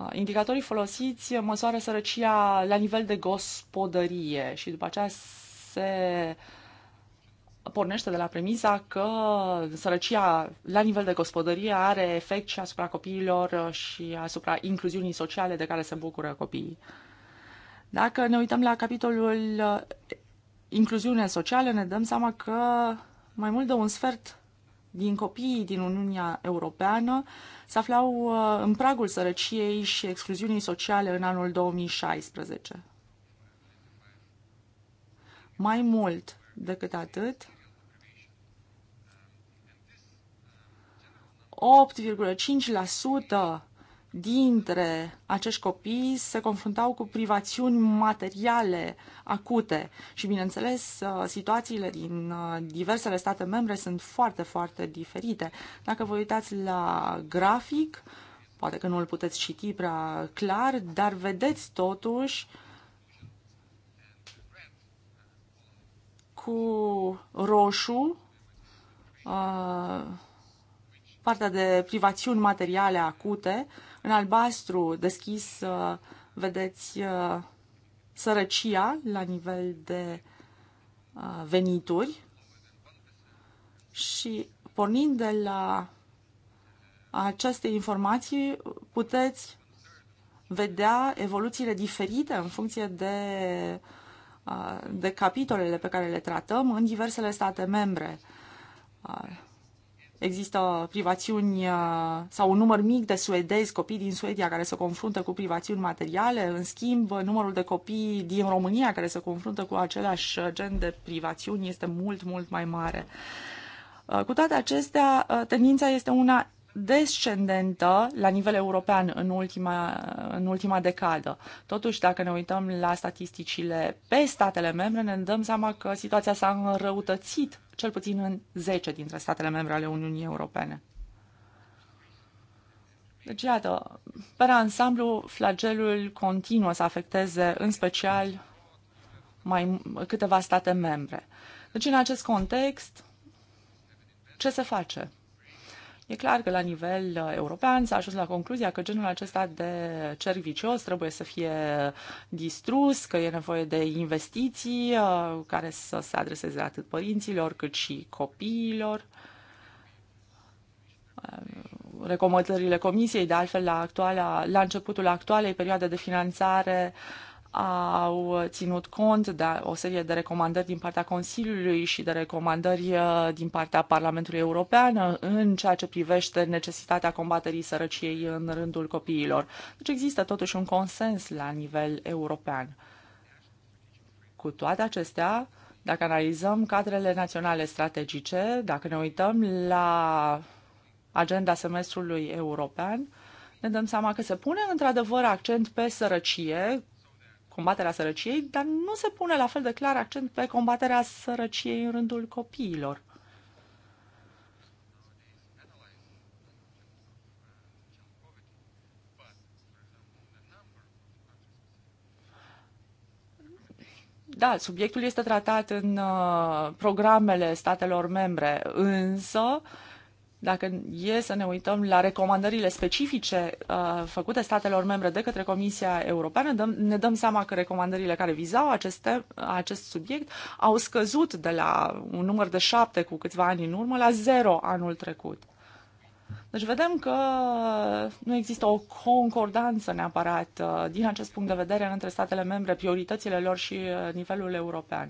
Ah, indicatorii folosiți măsoară sărăcia la nivel de gospodărie și după aceea se pornește de la premisa că sărăcia la nivel de gospodărie are efect și asupra copiilor și asupra incluziunii sociale de care se bucură copiii. Dacă ne uităm la capitolul eh, incluziune socială, ne dăm seama că mai mult de un sfert din copiii din Uniunea Europeană se aflau uh, în pragul sărăciei și excluziunii sociale în anul 2016. Mai mult decât atât, 8,5% dintre acești copii se confruntau cu privațiuni materiale acute și, bineînțeles, uh, situațiile din uh, diversele state membre sunt foarte, foarte diferite. Dacă vă uitați la grafic, poate că nu îl puteți citi prea clar, dar vedeți totuși cu roșu uh, partea de privațiuni materiale acute, în albastru deschis vedeți uh, sărăcia la nivel de uh, venituri și pornind de la aceste informații puteți vedea evoluțiile diferite în funcție de, uh, de capitolele pe care le tratăm în diversele state membre. Există privațiuni uh, sau un număr mic de suedezi, copii din Suedia, care se confruntă cu privațiuni materiale. În schimb, numărul de copii din România care se confruntă cu același uh, gen de privațiuni este mult, mult mai mare. Uh, cu toate acestea, tendința este una descendentă la nivel european în ultima, în ultima decadă. Totuși, dacă ne uităm la statisticile pe statele membre, ne dăm seama că situația s-a înrăutățit cel puțin în 10 dintre statele membre ale Uniunii Europene. Deci, iată, pe ansamblu, flagelul continuă să afecteze în special mai câteva state membre. Deci, în acest context, ce se face? E clar că la nivel uh, european s-a ajuns la concluzia că genul acesta de cerc vicios trebuie să fie distrus, că e nevoie de investiții uh, care să se adreseze atât părinților cât și copiilor. Uh, recomandările Comisiei, de altfel, la, actuala, la începutul actualei perioade de finanțare, uh, au ținut cont de o serie de recomandări din partea Consiliului și de recomandări uh, din partea Parlamentului European uh, în ceea ce privește necesitatea combaterii sărăciei în rândul copiilor. Deci există totuși un consens la nivel european. Cu toate acestea, dacă analizăm cadrele naționale strategice, dacă ne uităm la agenda semestrului european, ne dăm seama că se pune într-adevăr accent pe sărăcie combaterea sărăciei, dar nu se pune la fel de clar accent pe combaterea sărăciei în rândul copiilor. Da, subiectul este tratat în uh, programele statelor membre, însă uh, dacă e să ne uităm la recomandările specifice uh, făcute statelor membre de către Comisia Europeană, dăm, ne dăm seama că recomandările care vizau aceste, acest subiect au scăzut de la un număr de șapte cu câțiva ani în urmă la zero anul trecut. Deci vedem că nu există o concordanță neapărat uh, din acest punct de vedere între statele membre, prioritățile lor și uh, nivelul european.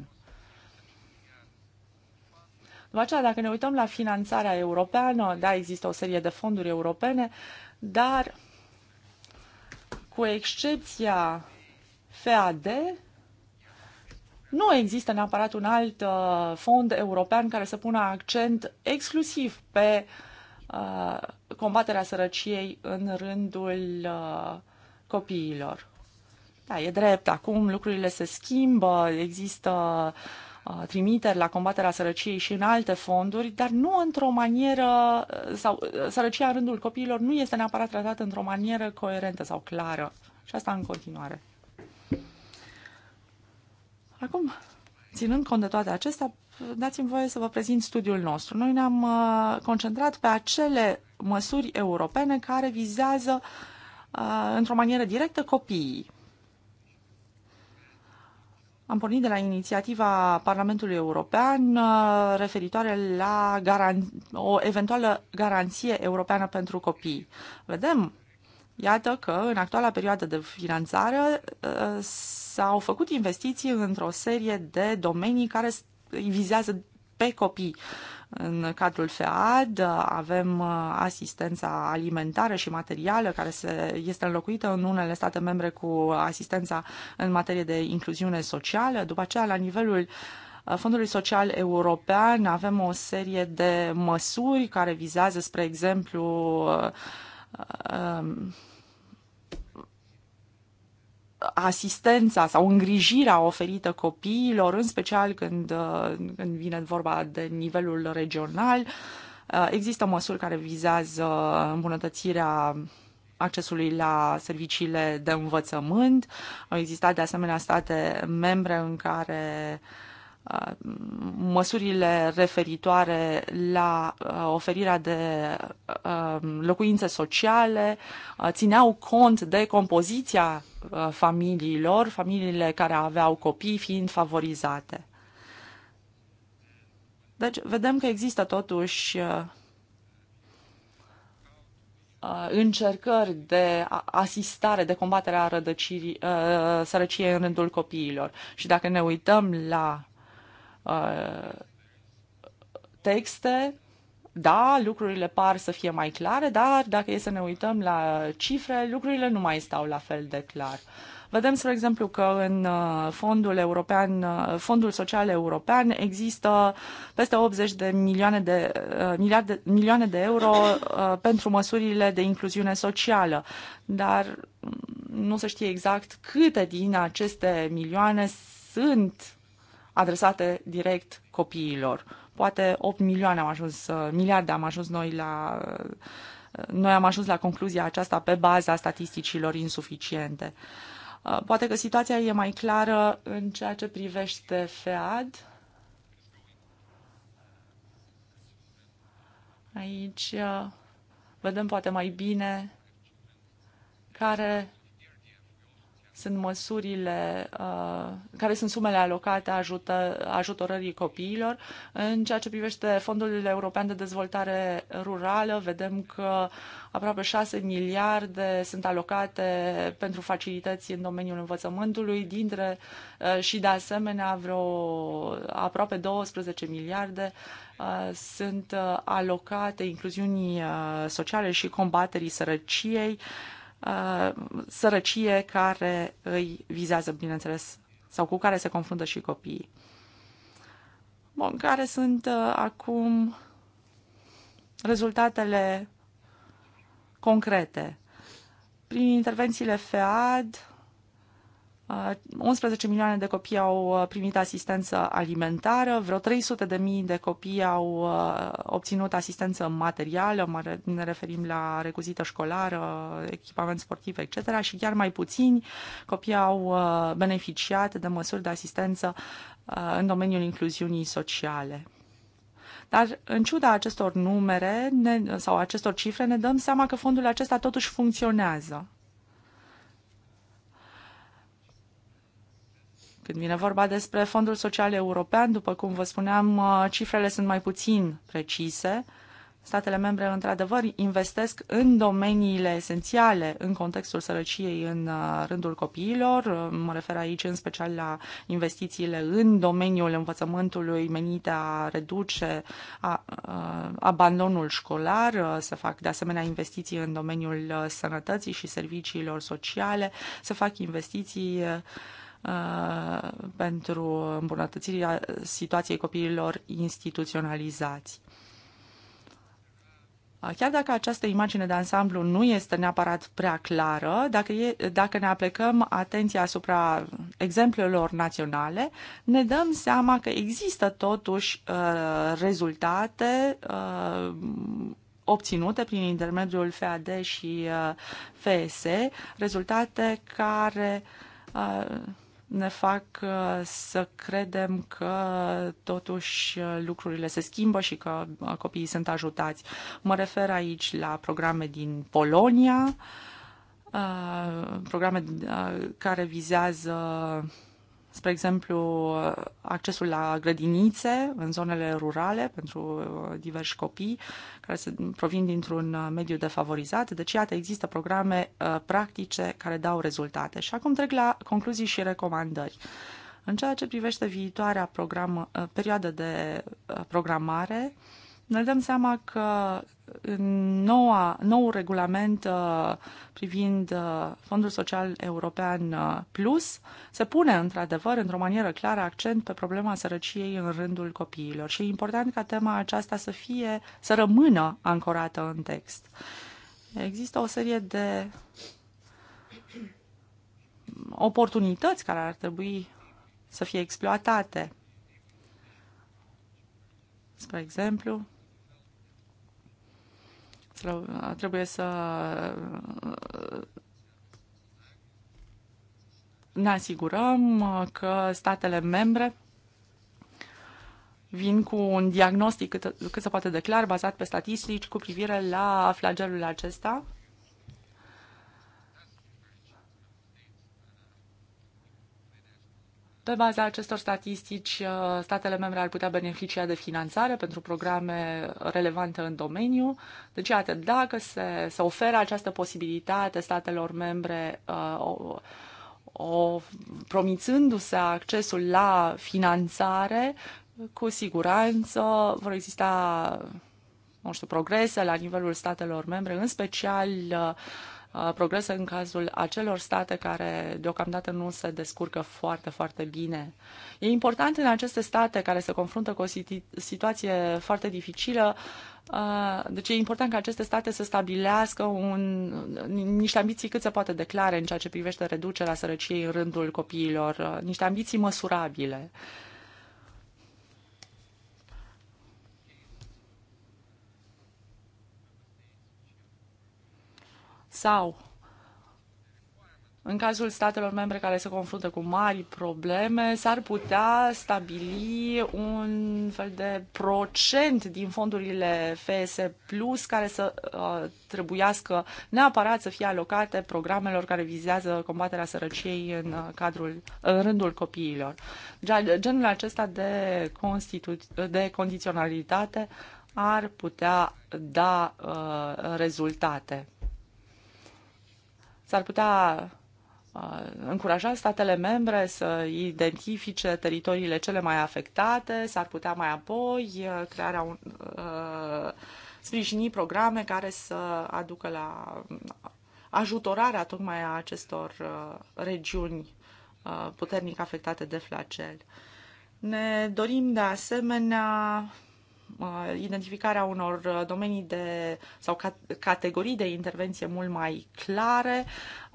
După aceea, dacă ne uităm la finanțarea europeană, da, există o serie de fonduri europene, dar cu excepția FAD, nu există neapărat un alt uh, fond european care să pună accent exclusiv pe uh, combaterea sărăciei în rândul uh, copiilor. Da, e drept, acum lucrurile se schimbă, există uh, Uh, trimiteri la combaterea sărăciei și în alte fonduri, dar nu într-o manieră, uh, sau uh, sărăcia în rândul copiilor nu este neapărat tratată într-o manieră coerentă sau clară. Și asta în continuare. Acum, ținând cont de toate acestea, dați-mi voie să vă prezint studiul nostru. Noi ne-am concentrat pe acele măsuri europene care vizează într-o manieră directă copiii. Am pornit de la inițiativa Parlamentului European uh, referitoare la o eventuală garanție europeană pentru copii. Vedem, iată că în actuala perioadă de finanțare uh, s-au făcut investiții într-o serie de domenii care vizează pe copii. Uh, în cadrul FEAD avem uh, asistența alimentară și materială care se, este înlocuită în unele state membre cu asistența în materie de incluziune socială. După aceea, la nivelul uh, Fondului Social European avem o serie de măsuri care vizează, spre exemplu, uh, um, asistența sau îngrijirea oferită copiilor, în special când, uh, când vine vorba de nivelul regional. Uh, există măsuri care vizează îmbunătățirea accesului la serviciile de învățământ. Au existat de asemenea state membre în care uh, Uh, măsurile referitoare la uh, oferirea de uh, locuințe sociale țineau cont de compoziția familiilor, familiile care aveau copii fiind favorizate. Deci vedem că există totuși încercări de asistare, de combatere a rădăcirii, sărăciei în rândul copiilor. Și dacă ne uităm la Uh, texte, da, lucrurile par să fie mai clare, dar dacă e să ne uităm la cifre, lucrurile nu mai stau la fel de clar. Vedem, spre exemplu, că în uh, fondul, european, uh, fondul social european există peste 80 de milioane de, miliarde, milioane de euro pentru măsurile de incluziune socială, dar mm, nu se știe exact câte din aceste milioane sunt adresate direct copiilor. Poate 8 milioane am ajuns, uh, miliarde am ajuns noi la uh, noi am ajuns la concluzia aceasta pe baza statisticilor insuficiente. Uh, poate că situația e mai clară în ceea ce privește FEAD. Aici vedem poate mai bine care sunt măsurile, uh, care sunt sumele alocate ajută, ajutorării copiilor. În ceea ce privește fondurile europene de Dezvoltare Rurală, vedem că aproape 6 miliarde sunt alocate pentru facilități în domeniul învățământului, dintre uh, și de asemenea vreo aproape 12 miliarde uh, sunt uh, alocate incluziunii uh, sociale și combaterii sărăciei sărăcie care îi vizează, bineînțeles, sau cu care se confruntă și copiii. Bun, care sunt uh, acum rezultatele concrete? Prin intervențiile FEAD, 11 uh, milioane de copii au uh, primit asistență alimentară, vreo 300 de mii de copii au uh, obținut asistență materială, ne referim la recuzită școlară, echipament sportiv, etc. și chiar mai puțini copii au beneficiat de măsuri de asistență în domeniul incluziunii sociale. Dar în ciuda acestor numere ne, sau acestor cifre ne dăm seama că fondul acesta totuși funcționează. Când vine vorba despre Fondul Social European, după cum vă spuneam, uh, cifrele sunt mai puțin precise. Statele membre, într-adevăr, investesc în domeniile esențiale în contextul sărăciei în uh, rândul copiilor. Uh, mă refer aici în special la investițiile în domeniul învățământului menite a reduce a, a, abandonul școlar. Se fac de asemenea investiții în domeniul sănătății și serviciilor sociale. Se fac investiții Uh, pentru îmbunătățirea situației copiilor instituționalizați. Uh, chiar dacă această imagine de ansamblu nu este neapărat prea clară, dacă, e, dacă ne aplecăm atenția asupra exemplelor naționale, ne dăm seama că există totuși uh, rezultate uh, obținute prin intermediul FAD și uh, FSE, rezultate care uh, ne fac uh, să credem că totuși uh, lucrurile se schimbă și că uh, copiii sunt ajutați. Mă refer aici la programe din Polonia, programe care vizează spre exemplu, accesul la grădinițe în zonele rurale pentru uh, diversi copii care se, provin dintr-un uh, mediu defavorizat. Deci, iată, există programe uh, practice care dau rezultate. Și acum trec la concluzii și recomandări. În ceea ce privește viitoarea program, perioadă de programare, uh, ne dăm seama că noua, nou regulament uh, privind uh, Fondul Social European uh, Plus se pune într-adevăr, într-o manieră clară, accent pe problema sărăciei în rândul copiilor și e important ca tema aceasta să fie, să rămână ancorată în text. Există o serie de oportunități care ar trebui să fie exploatate. Spre exemplu, trebuie să ne asigurăm că statele membre vin cu un diagnostic cât, cât se poate de clar, bazat pe statistici, cu privire la flagelul acesta Pe baza acestor statistici, uh, statele membre ar putea beneficia de finanțare pentru programe relevante în domeniu. Deci, iată, dacă se, se oferă această posibilitate statelor membre, uh, o, o, promițându-se accesul la finanțare, cu siguranță vor exista nu știu, progrese la nivelul statelor membre, în special uh, Uh, progrese în cazul acelor state care deocamdată nu se descurcă foarte, foarte bine. E important în aceste state care se confruntă cu o situație foarte dificilă uh, deci e important ca aceste state să stabilească un, niște ambiții cât se poate declare în ceea ce privește reducerea sărăciei în rândul copiilor, uh, niște ambiții măsurabile. Uh, sau în cazul statelor membre care se confruntă cu mari probleme, s-ar putea stabili un fel de procent din fondurile FS Plus care să uh, trebuiască neapărat să fie alocate programelor care vizează combaterea sărăciei în, uh, cadrul, în rândul copiilor. Genul acesta de, de condiționalitate ar putea da uh, rezultate. S-ar putea uh, încuraja statele membre să identifice teritoriile cele mai afectate, s-ar putea mai apoi uh, crearea un, uh, sprijini programe care să aducă la ajutorarea tocmai a acestor regiuni puternic afectate de flagel. Ne dorim de asemenea Uh, identificarea unor uh, domenii de, sau categorii de intervenție mult mai clare,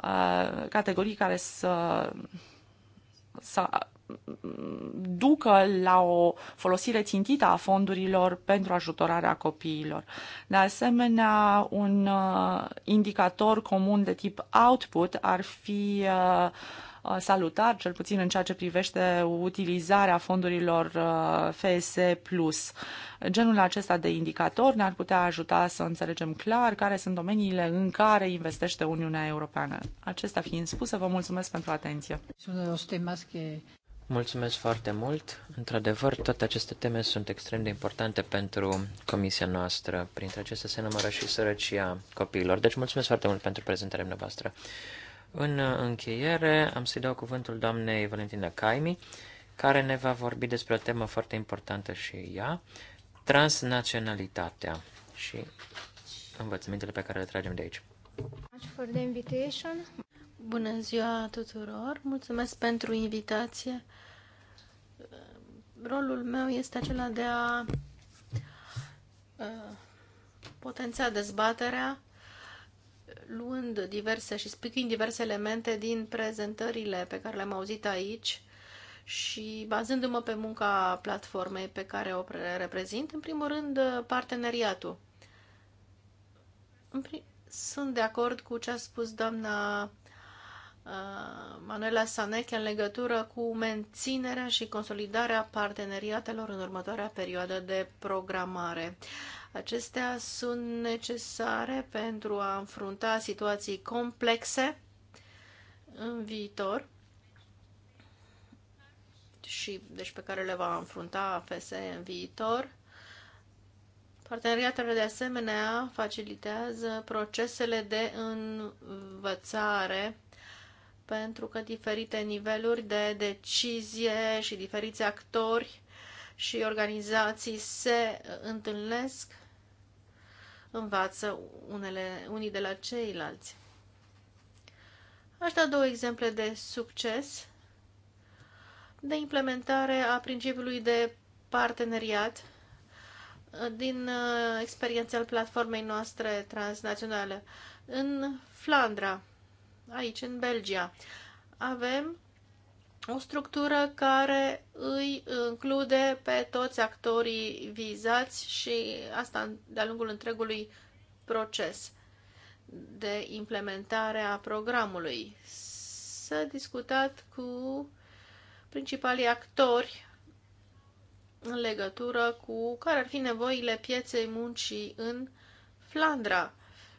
uh, categorii care să, să ducă la o folosire țintită a fondurilor pentru ajutorarea copiilor. De asemenea, un indicator comun de tip output ar fi uh, Uh, salutar, cel puțin în ceea ce privește utilizarea fondurilor uh, FS+. Genul acesta de indicator ne-ar putea ajuta să înțelegem clar care sunt domeniile în care investește Uniunea Europeană. Acesta fiind spusă, vă mulțumesc pentru atenție. Mulțumesc foarte mult. Într-adevăr, toate aceste teme sunt extrem de importante pentru comisia noastră. Printre acestea se numără și sărăcia copiilor. Deci mulțumesc foarte mult pentru prezentarea noastră. În uh, încheiere, am să-i dau cuvântul doamnei Valentina Caimi, care ne va vorbi despre o temă foarte importantă și ea, transnaționalitatea și învățămintele pe care le tragem de aici. Bună ziua tuturor! Mulțumesc pentru invitație! Rolul meu este acela de a uh, potența dezbaterea luând diverse și spicând diverse elemente din prezentările pe care le-am auzit aici și bazându-mă pe munca platformei pe care o reprezint, în primul rând parteneriatul. Sunt de acord cu ce a spus doamna uh, Manuela Saneche în legătură cu menținerea și consolidarea parteneriatelor în următoarea perioadă de programare. Acestea sunt necesare pentru a înfrunta situații complexe în viitor și deci pe care le va înfrunta FSE în viitor. Parteneriatele de asemenea facilitează procesele de învățare pentru că diferite niveluri de decizie și diferiți actori și organizații se întâlnesc, învață unele, unii de la ceilalți. Aș da două exemple de succes de implementare a principiului de parteneriat din uh, experiența platformei noastre transnaționale. În Flandra, aici, în Belgia, avem o structură care îi include pe toți actorii vizați și asta de-a lungul întregului proces de implementare a programului. S-a discutat cu principalii actori în legătură cu care ar fi nevoile pieței muncii în Flandra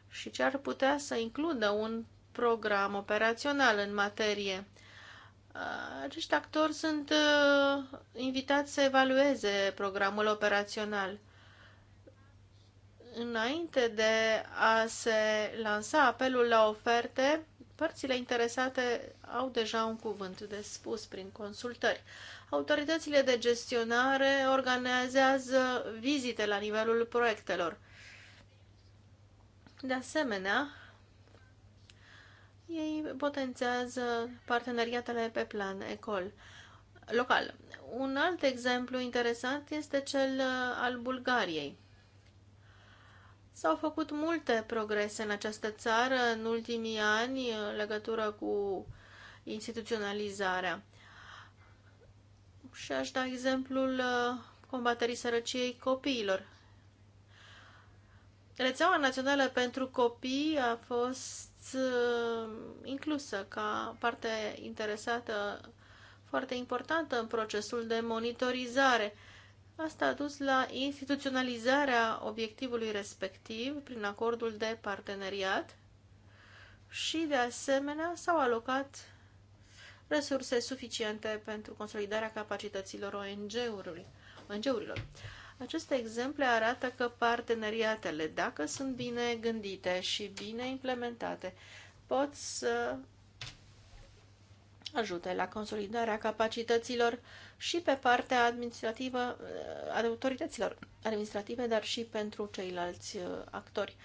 și ce ar putea să includă un program operațional în materie. Uh, acești actori sunt uh, invitați să evalueze programul operațional înainte de a se lansa apelul la oferte, părțile interesate au deja un cuvânt de spus prin consultări. Autoritățile de gestionare organizează vizite la nivelul proiectelor. De asemenea, ei potențează parteneriatele pe plan ecol local. Un alt exemplu interesant este cel uh, al Bulgariei. S-au făcut multe progrese în această țară în ultimii ani uh, în legătură cu instituționalizarea. Și aș da exemplul uh, combaterii sărăciei copiilor. Rețeaua Națională pentru Copii a fost ați uh, inclusă ca parte interesată foarte importantă în procesul de monitorizare. Asta a dus la instituționalizarea obiectivului respectiv prin acordul de parteneriat și, de asemenea, s-au alocat resurse suficiente pentru consolidarea capacităților ONG-urilor. Aceste exemple arată că parteneriatele, dacă sunt bine gândite și bine implementate, pot să ajute la consolidarea capacităților și pe partea administrativă a eh, autorităților administrative, dar și pentru ceilalți eh, actori.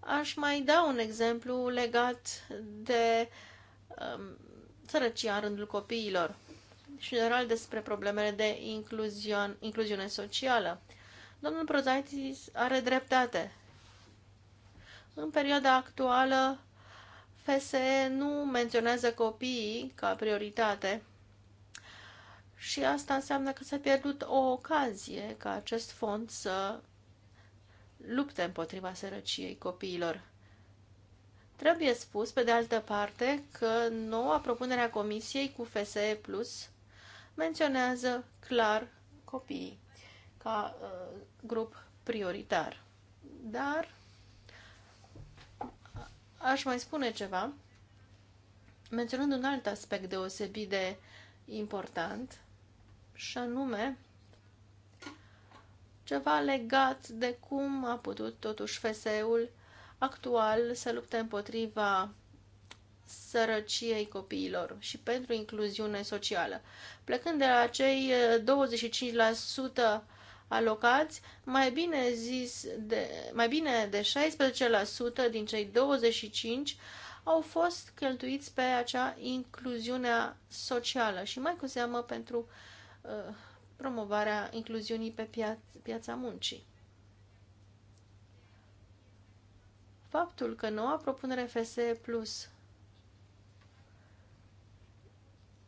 Aș mai da un exemplu legat de um, sărăcia în rândul copiilor și general despre problemele de incluzion, incluziune socială. Domnul Prozaitis are dreptate. În perioada actuală, FSE nu menționează copiii ca prioritate și asta înseamnă că s-a pierdut o ocazie ca acest fond să lupte împotriva sărăciei copiilor. Trebuie spus, pe de altă parte, că noua propunere a Comisiei cu FSE Plus menționează clar copiii ca uh, grup prioritar. Dar aș mai spune ceva, menționând un alt aspect deosebit de important, și anume ceva legat de cum a putut totuși FSE-ul actual să lupte împotriva sărăciei copiilor și pentru incluziune socială. Plecând de la cei 25% uh, alocați mai bine, zis de, mai bine de 16% din cei 25 au fost cheltuiți pe acea incluziune socială și mai cu seamă pentru uh, promovarea incluziunii pe pia- piața muncii. Faptul că noua propunere FSE Plus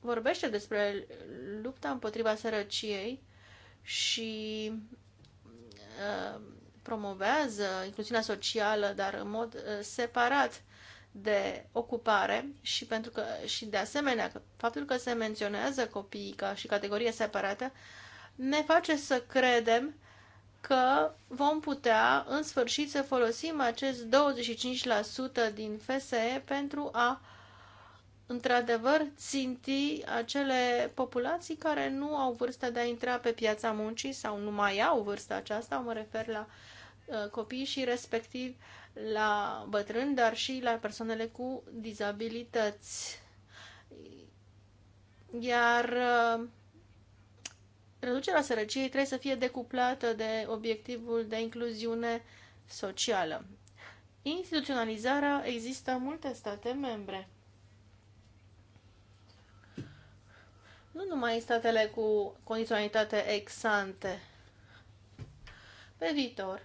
vorbește despre lupta împotriva sărăciei și uh, promovează incluziunea socială, dar în mod uh, separat de ocupare și pentru că și de asemenea faptul că se menționează copiii ca și categorie separată ne face să credem că vom putea în sfârșit să folosim acest 25% din FSE pentru a uh, într-adevăr, ținti acele populații care nu au vârsta de a intra pe piața muncii sau nu mai au vârsta aceasta, mă refer la uh, copii și respectiv la bătrâni, dar și la persoanele cu dizabilități. Iar uh, reducerea sărăciei trebuie să fie decuplată de obiectivul de incluziune socială. Instituționalizarea există în multe state membre nu numai statele cu condiționalitate ex-ante. Pe viitor,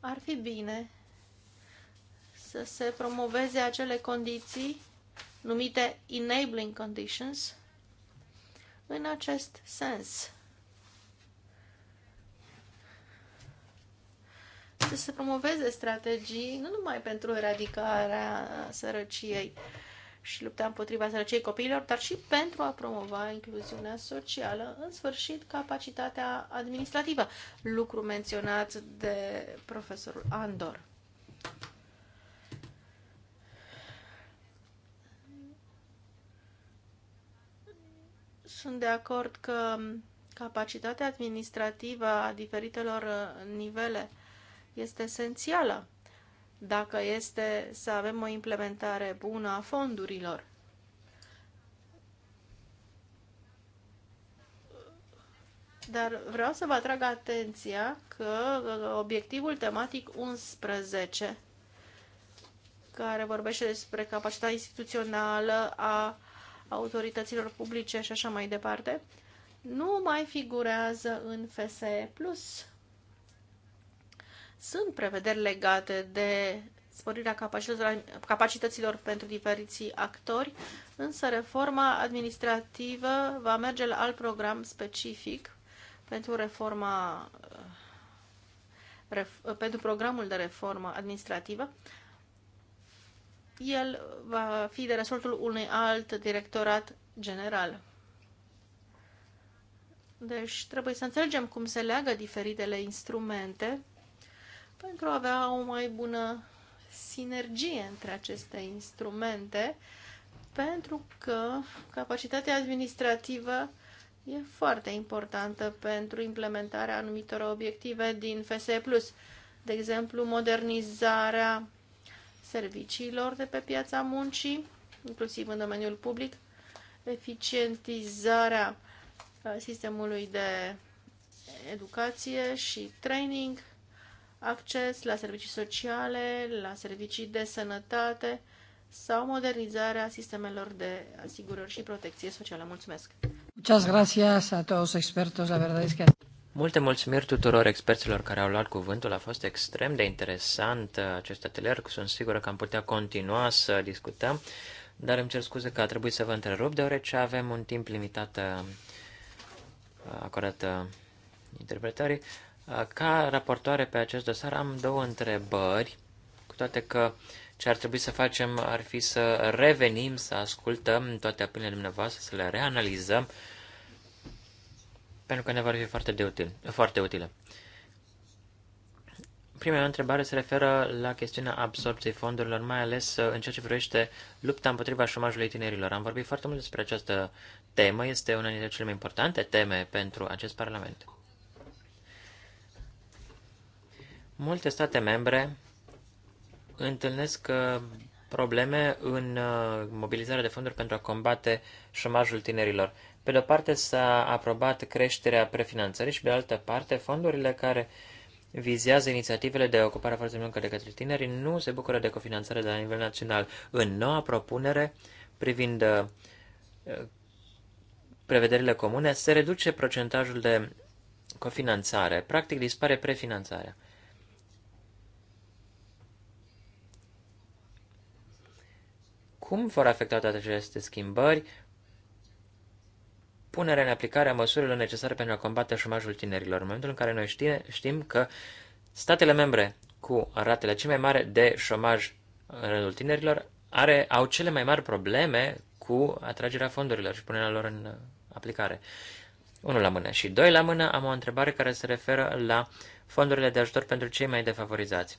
ar fi bine să se promoveze acele condiții numite enabling conditions în acest sens. Să se promoveze strategii nu numai pentru eradicarea sărăciei, și lupta împotriva sărăciei copiilor, dar și pentru a promova incluziunea socială, în sfârșit capacitatea administrativă, lucru menționat de profesorul Andor. Sunt de acord că capacitatea administrativă a diferitelor nivele este esențială dacă este să avem o implementare bună a fondurilor. Dar vreau să vă atrag atenția că uh, obiectivul tematic 11, care vorbește despre capacitatea instituțională a autorităților publice și așa mai departe, nu mai figurează în FSE+. Plus sunt prevederi legate de sporirea capacităților, pentru diferiții actori, însă reforma administrativă va merge la alt program specific pentru reforma uh, ref, uh, pentru programul de reformă administrativă. El va fi de resortul unui alt directorat general. Deci trebuie să înțelegem cum se leagă diferitele instrumente pentru a avea o mai bună sinergie între aceste instrumente, pentru că capacitatea administrativă e foarte importantă pentru implementarea anumitor obiective din FSE+. De exemplu, modernizarea serviciilor de pe piața muncii, inclusiv în domeniul public, eficientizarea uh, sistemului de educație și training, acces la servicii sociale, la servicii de sănătate sau modernizarea sistemelor de asigurări și protecție socială. Mulțumesc! Muchas gracias a todos expertos, la verdad es que... Multe mulțumiri tuturor experților care au luat cuvântul. A fost extrem de interesant uh, acest atelier. Sunt sigură că am putea continua să discutăm, dar îmi cer scuze că a trebuit să vă întrerup, deoarece avem un timp limitat uh, acordat uh, interpretării. Ca raportoare pe acest dosar am două întrebări, cu toate că ce ar trebui să facem ar fi să revenim, să ascultăm toate apelele dumneavoastră, să le reanalizăm, pentru că ne vor fi foarte, de util, foarte utile. Prima mea întrebare se referă la chestiunea absorpției fondurilor, mai ales în ceea ce privește lupta împotriva șomajului tinerilor. Am vorbit foarte mult despre această temă, este una dintre cele mai importante teme pentru acest Parlament. Multe state membre întâlnesc uh, probleme în uh, mobilizarea de fonduri pentru a combate șomajul tinerilor. Pe de-o parte s-a aprobat creșterea prefinanțării și pe de altă parte fondurile care vizează inițiativele de ocupare a forței de muncă de către tineri nu se bucură de cofinanțare de la nivel național. În noua propunere privind uh, prevederile comune se reduce procentajul de cofinanțare. Practic dispare prefinanțarea. Cum vor afecta toate aceste schimbări punerea în aplicare a măsurilor necesare pentru a combate șomajul tinerilor, în momentul în care noi știe, știm că statele membre cu ratele cele mai mari de șomaj în rândul tinerilor are, au cele mai mari probleme cu atragerea fondurilor și punerea lor în aplicare. Unul la mână. Și doi la mână am o întrebare care se referă la fondurile de ajutor pentru cei mai defavorizați.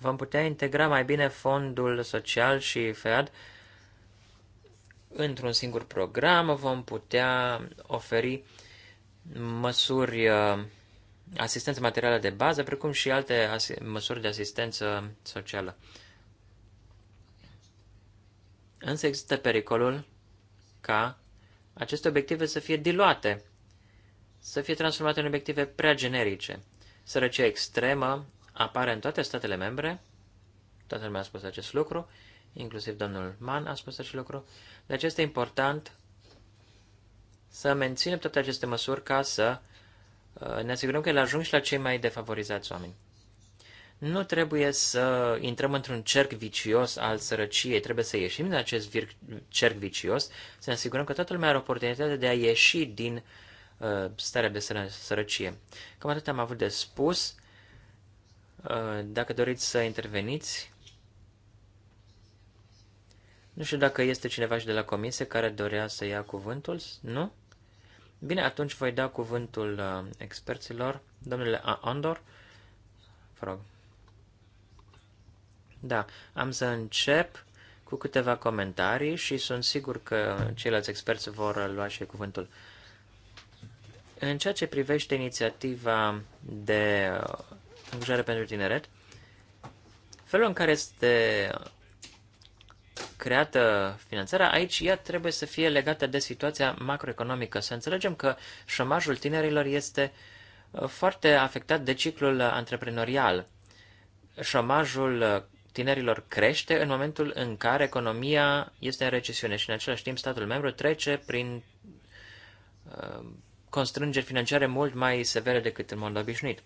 vom putea integra mai bine fondul social și FEAD într-un singur program, vom putea oferi măsuri, uh, asistență materială de bază, precum și alte măsuri de asistență socială. Însă există pericolul ca aceste obiective să fie diluate, să fie transformate în obiective prea generice. Sărăcia extremă apare în toate statele membre, toată lumea a spus acest lucru, inclusiv domnul Mann a spus acest lucru, de deci aceea este important să menținem toate aceste măsuri ca să uh, ne asigurăm că ele ajung și la cei mai defavorizați oameni. Nu trebuie să intrăm într-un cerc vicios al sărăciei, trebuie să ieșim din acest cerc vicios, să ne asigurăm că toată lumea are oportunitatea de a ieși din uh, starea de sără sărăcie. Cam atât am avut de spus. Uh, dacă doriți să interveniți, nu știu dacă este cineva și de la comisie care dorea să ia cuvântul, nu? Bine, atunci voi da cuvântul uh, experților. Domnule Andor, vă rog. Da, am să încep cu câteva comentarii și sunt sigur că ceilalți experți vor lua și cuvântul. În ceea ce privește inițiativa de uh, angajare pentru tineret, felul în care este creată finanțarea, aici ea trebuie să fie legată de situația macroeconomică. Să înțelegem că șomajul tinerilor este uh, foarte afectat de ciclul antreprenorial. Șomajul uh, tinerilor crește în momentul în care economia este în recesiune și în același timp statul membru trece prin uh, constrângeri financiare mult mai severe decât în mod obișnuit.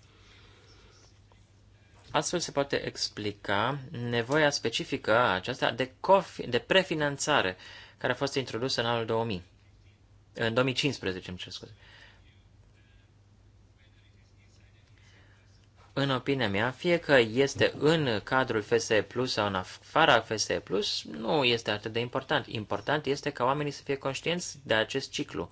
Astfel se poate explica nevoia specifică aceasta de, cofi, de prefinanțare care a fost introdusă în anul 2000. În 2015, îmi cer scuze. În opinia mea, fie că este în cadrul FSE Plus sau în afara FSE Plus, nu este atât de important. Important este ca oamenii să fie conștienți de acest ciclu.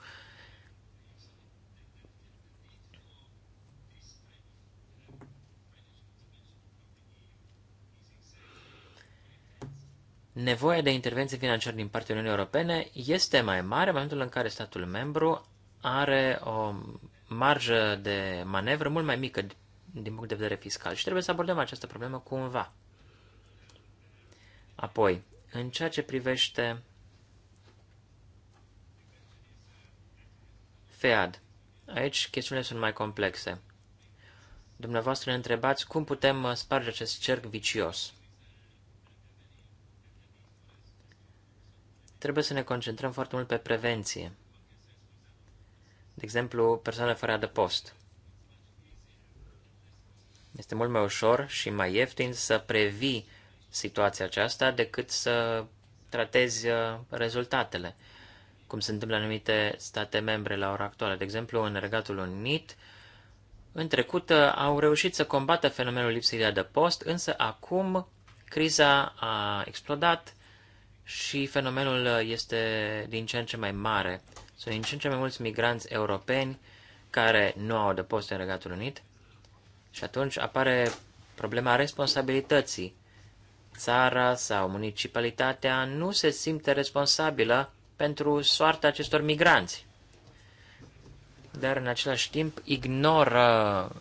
nevoia de intervenție financiară din partea Uniunii Europene este mai mare în momentul în care statul membru are o marjă de manevră mult mai mică din punct de vedere fiscal și trebuie să abordăm această problemă cumva. Apoi, în ceea ce privește FEAD, aici chestiunile sunt mai complexe. Dumneavoastră ne întrebați cum putem sparge acest cerc vicios. trebuie să ne concentrăm foarte mult pe prevenție. De exemplu, persoane fără adăpost. Este mult mai ușor și mai ieftin să previi situația aceasta decât să tratezi uh, rezultatele, cum se întâmplă în anumite state membre la ora actuală. De exemplu, în Regatul Unit, în trecut uh, au reușit să combată fenomenul lipsei de adăpost, însă acum criza a explodat și fenomenul uh, este din ce în ce mai mare. Sunt din ce în ce mai mulți migranți europeni care nu au adăpost în Regatul Unit și atunci apare problema responsabilității. Țara sau municipalitatea nu se simte responsabilă pentru soarta acestor migranți, dar în același timp ignoră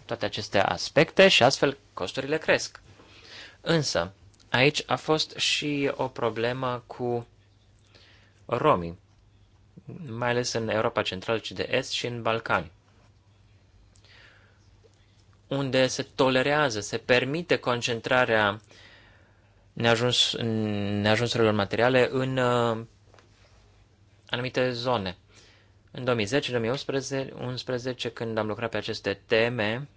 toate aceste aspecte și astfel costurile cresc. Însă, Aici a fost și o problemă cu romii, mai ales în Europa Centrală și de Est și în Balcani, unde se tolerează, se permite concentrarea neajuns, neajunsurilor materiale în uh, anumite zone. În 2010-2011, când am lucrat pe aceste teme,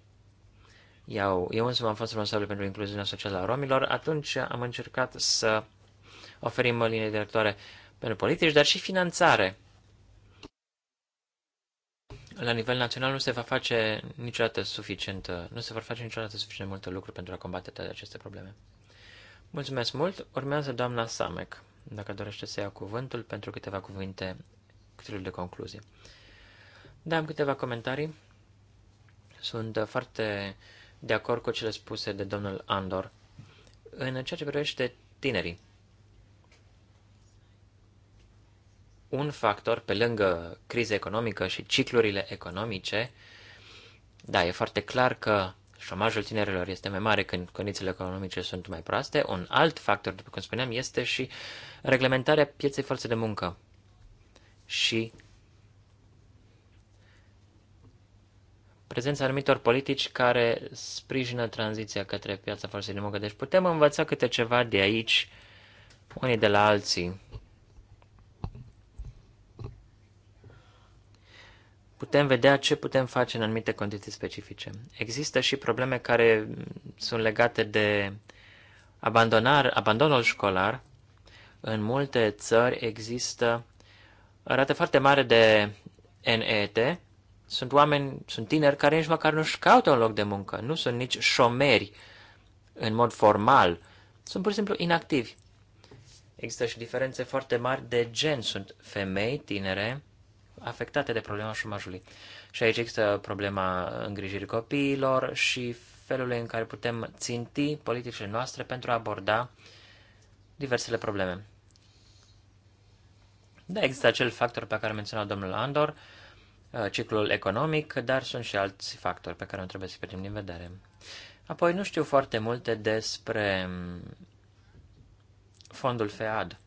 Iau, eu însumi am fost responsabil pentru incluziunea socială a romilor, atunci am încercat să oferim linii directoare pentru politici, dar și finanțare. La nivel național nu se va face niciodată suficient, nu se vor face niciodată suficient multe lucruri pentru a combate toate aceste probleme. Mulțumesc mult. Urmează doamna Samec, dacă dorește să ia cuvântul pentru câteva cuvinte, câteva de concluzie. Da, am câteva comentarii. Sunt foarte uh, de acord cu cele spuse de domnul Andor. În ceea ce privește tinerii, un factor, pe lângă criza economică și ciclurile economice, da, e foarte clar că șomajul tinerilor este mai mare când condițiile economice sunt mai proaste. Un alt factor, după cum spuneam, este și reglementarea pieței forței de muncă și prezența anumitor politici care sprijină tranziția către piața forței de muncă. Deci putem învăța câte ceva de aici, unii de la alții. Putem vedea ce putem face în anumite condiții specifice. Există și probleme care sunt legate de abandonar, abandonul școlar. În multe țări există o rată foarte mare de NET, sunt oameni, sunt tineri care nici măcar nu-și caută un loc de muncă, nu sunt nici șomeri în mod formal, sunt pur și simplu inactivi. Există și diferențe foarte mari de gen. Sunt femei tinere afectate de problema șomajului. Și aici există problema îngrijirii copiilor și felul în care putem ținti politicile noastre pentru a aborda diversele probleme. Da, există acel factor pe care menționa domnul Andor, Uh, ciclul economic, dar sunt și alți factori pe care nu trebuie să pierdem din vedere. Apoi nu știu foarte multe despre um, fondul FEAD.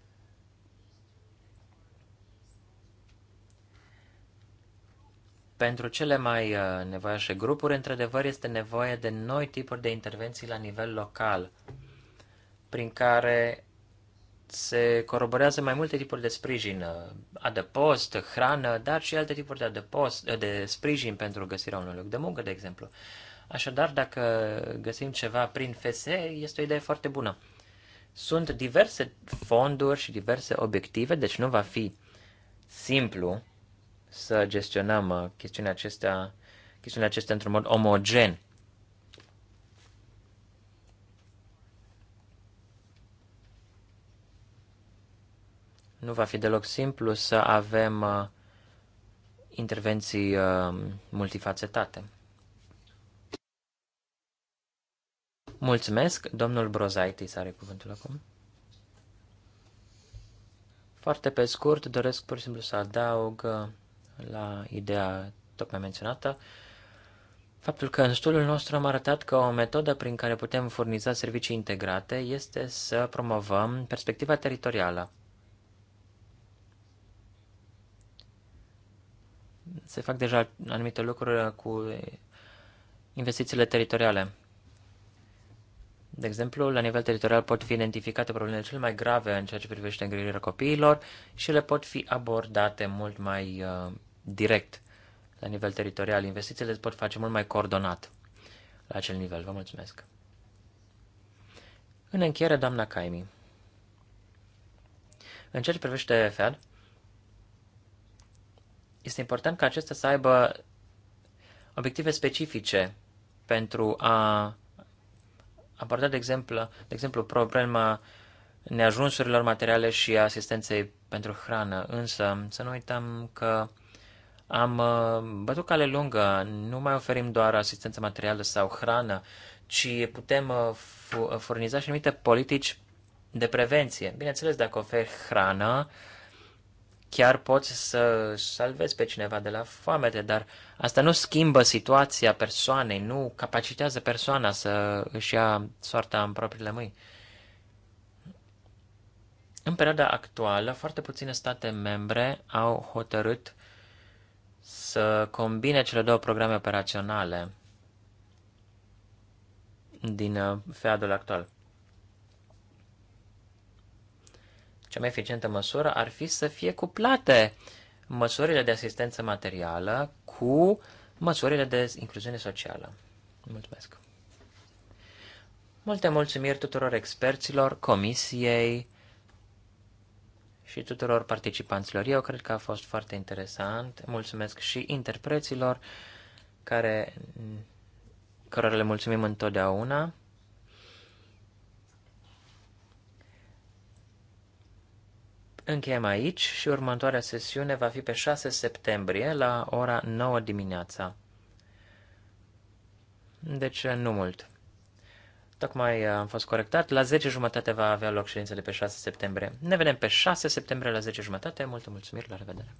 Pentru cele mai uh, nevoiașe grupuri, într-adevăr, este nevoie de noi tipuri de intervenții la nivel local, prin care se coroborează mai multe tipuri de sprijin, uh, adăpost, hrană, dar și alte tipuri de, adăpost, uh, de sprijin pentru găsirea unui loc de muncă, de exemplu. Așadar, dacă găsim ceva prin FSE, este o idee foarte bună. Sunt diverse fonduri și diverse obiective, deci nu va fi simplu să gestionăm uh, chestiunea acestea, chestiunea acestea într-un mod omogen. Nu va fi deloc simplu să avem uh, intervenții uh, multifacetate. Mulțumesc, domnul Brozaitis are cuvântul acum. Foarte pe scurt, doresc pur și simplu să adaug uh, la ideea tocmai menționată faptul că în studiul nostru am arătat că o metodă prin care putem furniza servicii integrate este să promovăm perspectiva teritorială. se fac deja anumite lucruri cu investițiile teritoriale. De exemplu, la nivel teritorial pot fi identificate problemele cele mai grave în ceea ce privește îngrijirea copiilor și le pot fi abordate mult mai uh, direct la nivel teritorial. Investițiile se pot face mult mai coordonat la acel nivel. Vă mulțumesc. În încheiere, doamna Caimi. În ceea ce privește FEAD, este important ca acestea să aibă obiective specifice pentru a aborda, de exemplu, de exemplu problema neajunsurilor materiale și asistenței pentru hrană. Însă, să nu uităm că am uh, bătut cale lungă, nu mai oferim doar asistență materială sau hrană, ci putem uh, furniza și anumite politici de prevenție. Bineînțeles, dacă oferi hrană, Chiar poți să salvezi pe cineva de la foamete, dar asta nu schimbă situația persoanei, nu capacitează persoana să își ia soarta în propriile mâini. În perioada actuală, foarte puține state membre au hotărât să combine cele două programe operaționale din uh, FEAD-ul actual. Cea mai eficientă măsură ar fi să fie cuplate măsurile de asistență materială cu măsurile de incluziune socială. Mulțumesc! Multe mulțumiri tuturor experților, comisiei și tuturor participanților. Eu cred că a fost foarte interesant. Mulțumesc și interpreților care, cărora le mulțumim întotdeauna. Încheiem aici și următoarea sesiune va fi pe 6 septembrie la ora 9 dimineața. Deci nu mult. Tocmai uh, am fost corectat. La 10 jumătate va avea loc ședința de pe 6 septembrie. Ne vedem pe 6 septembrie la 10 jumătate. Multe mulțumiri, la revedere!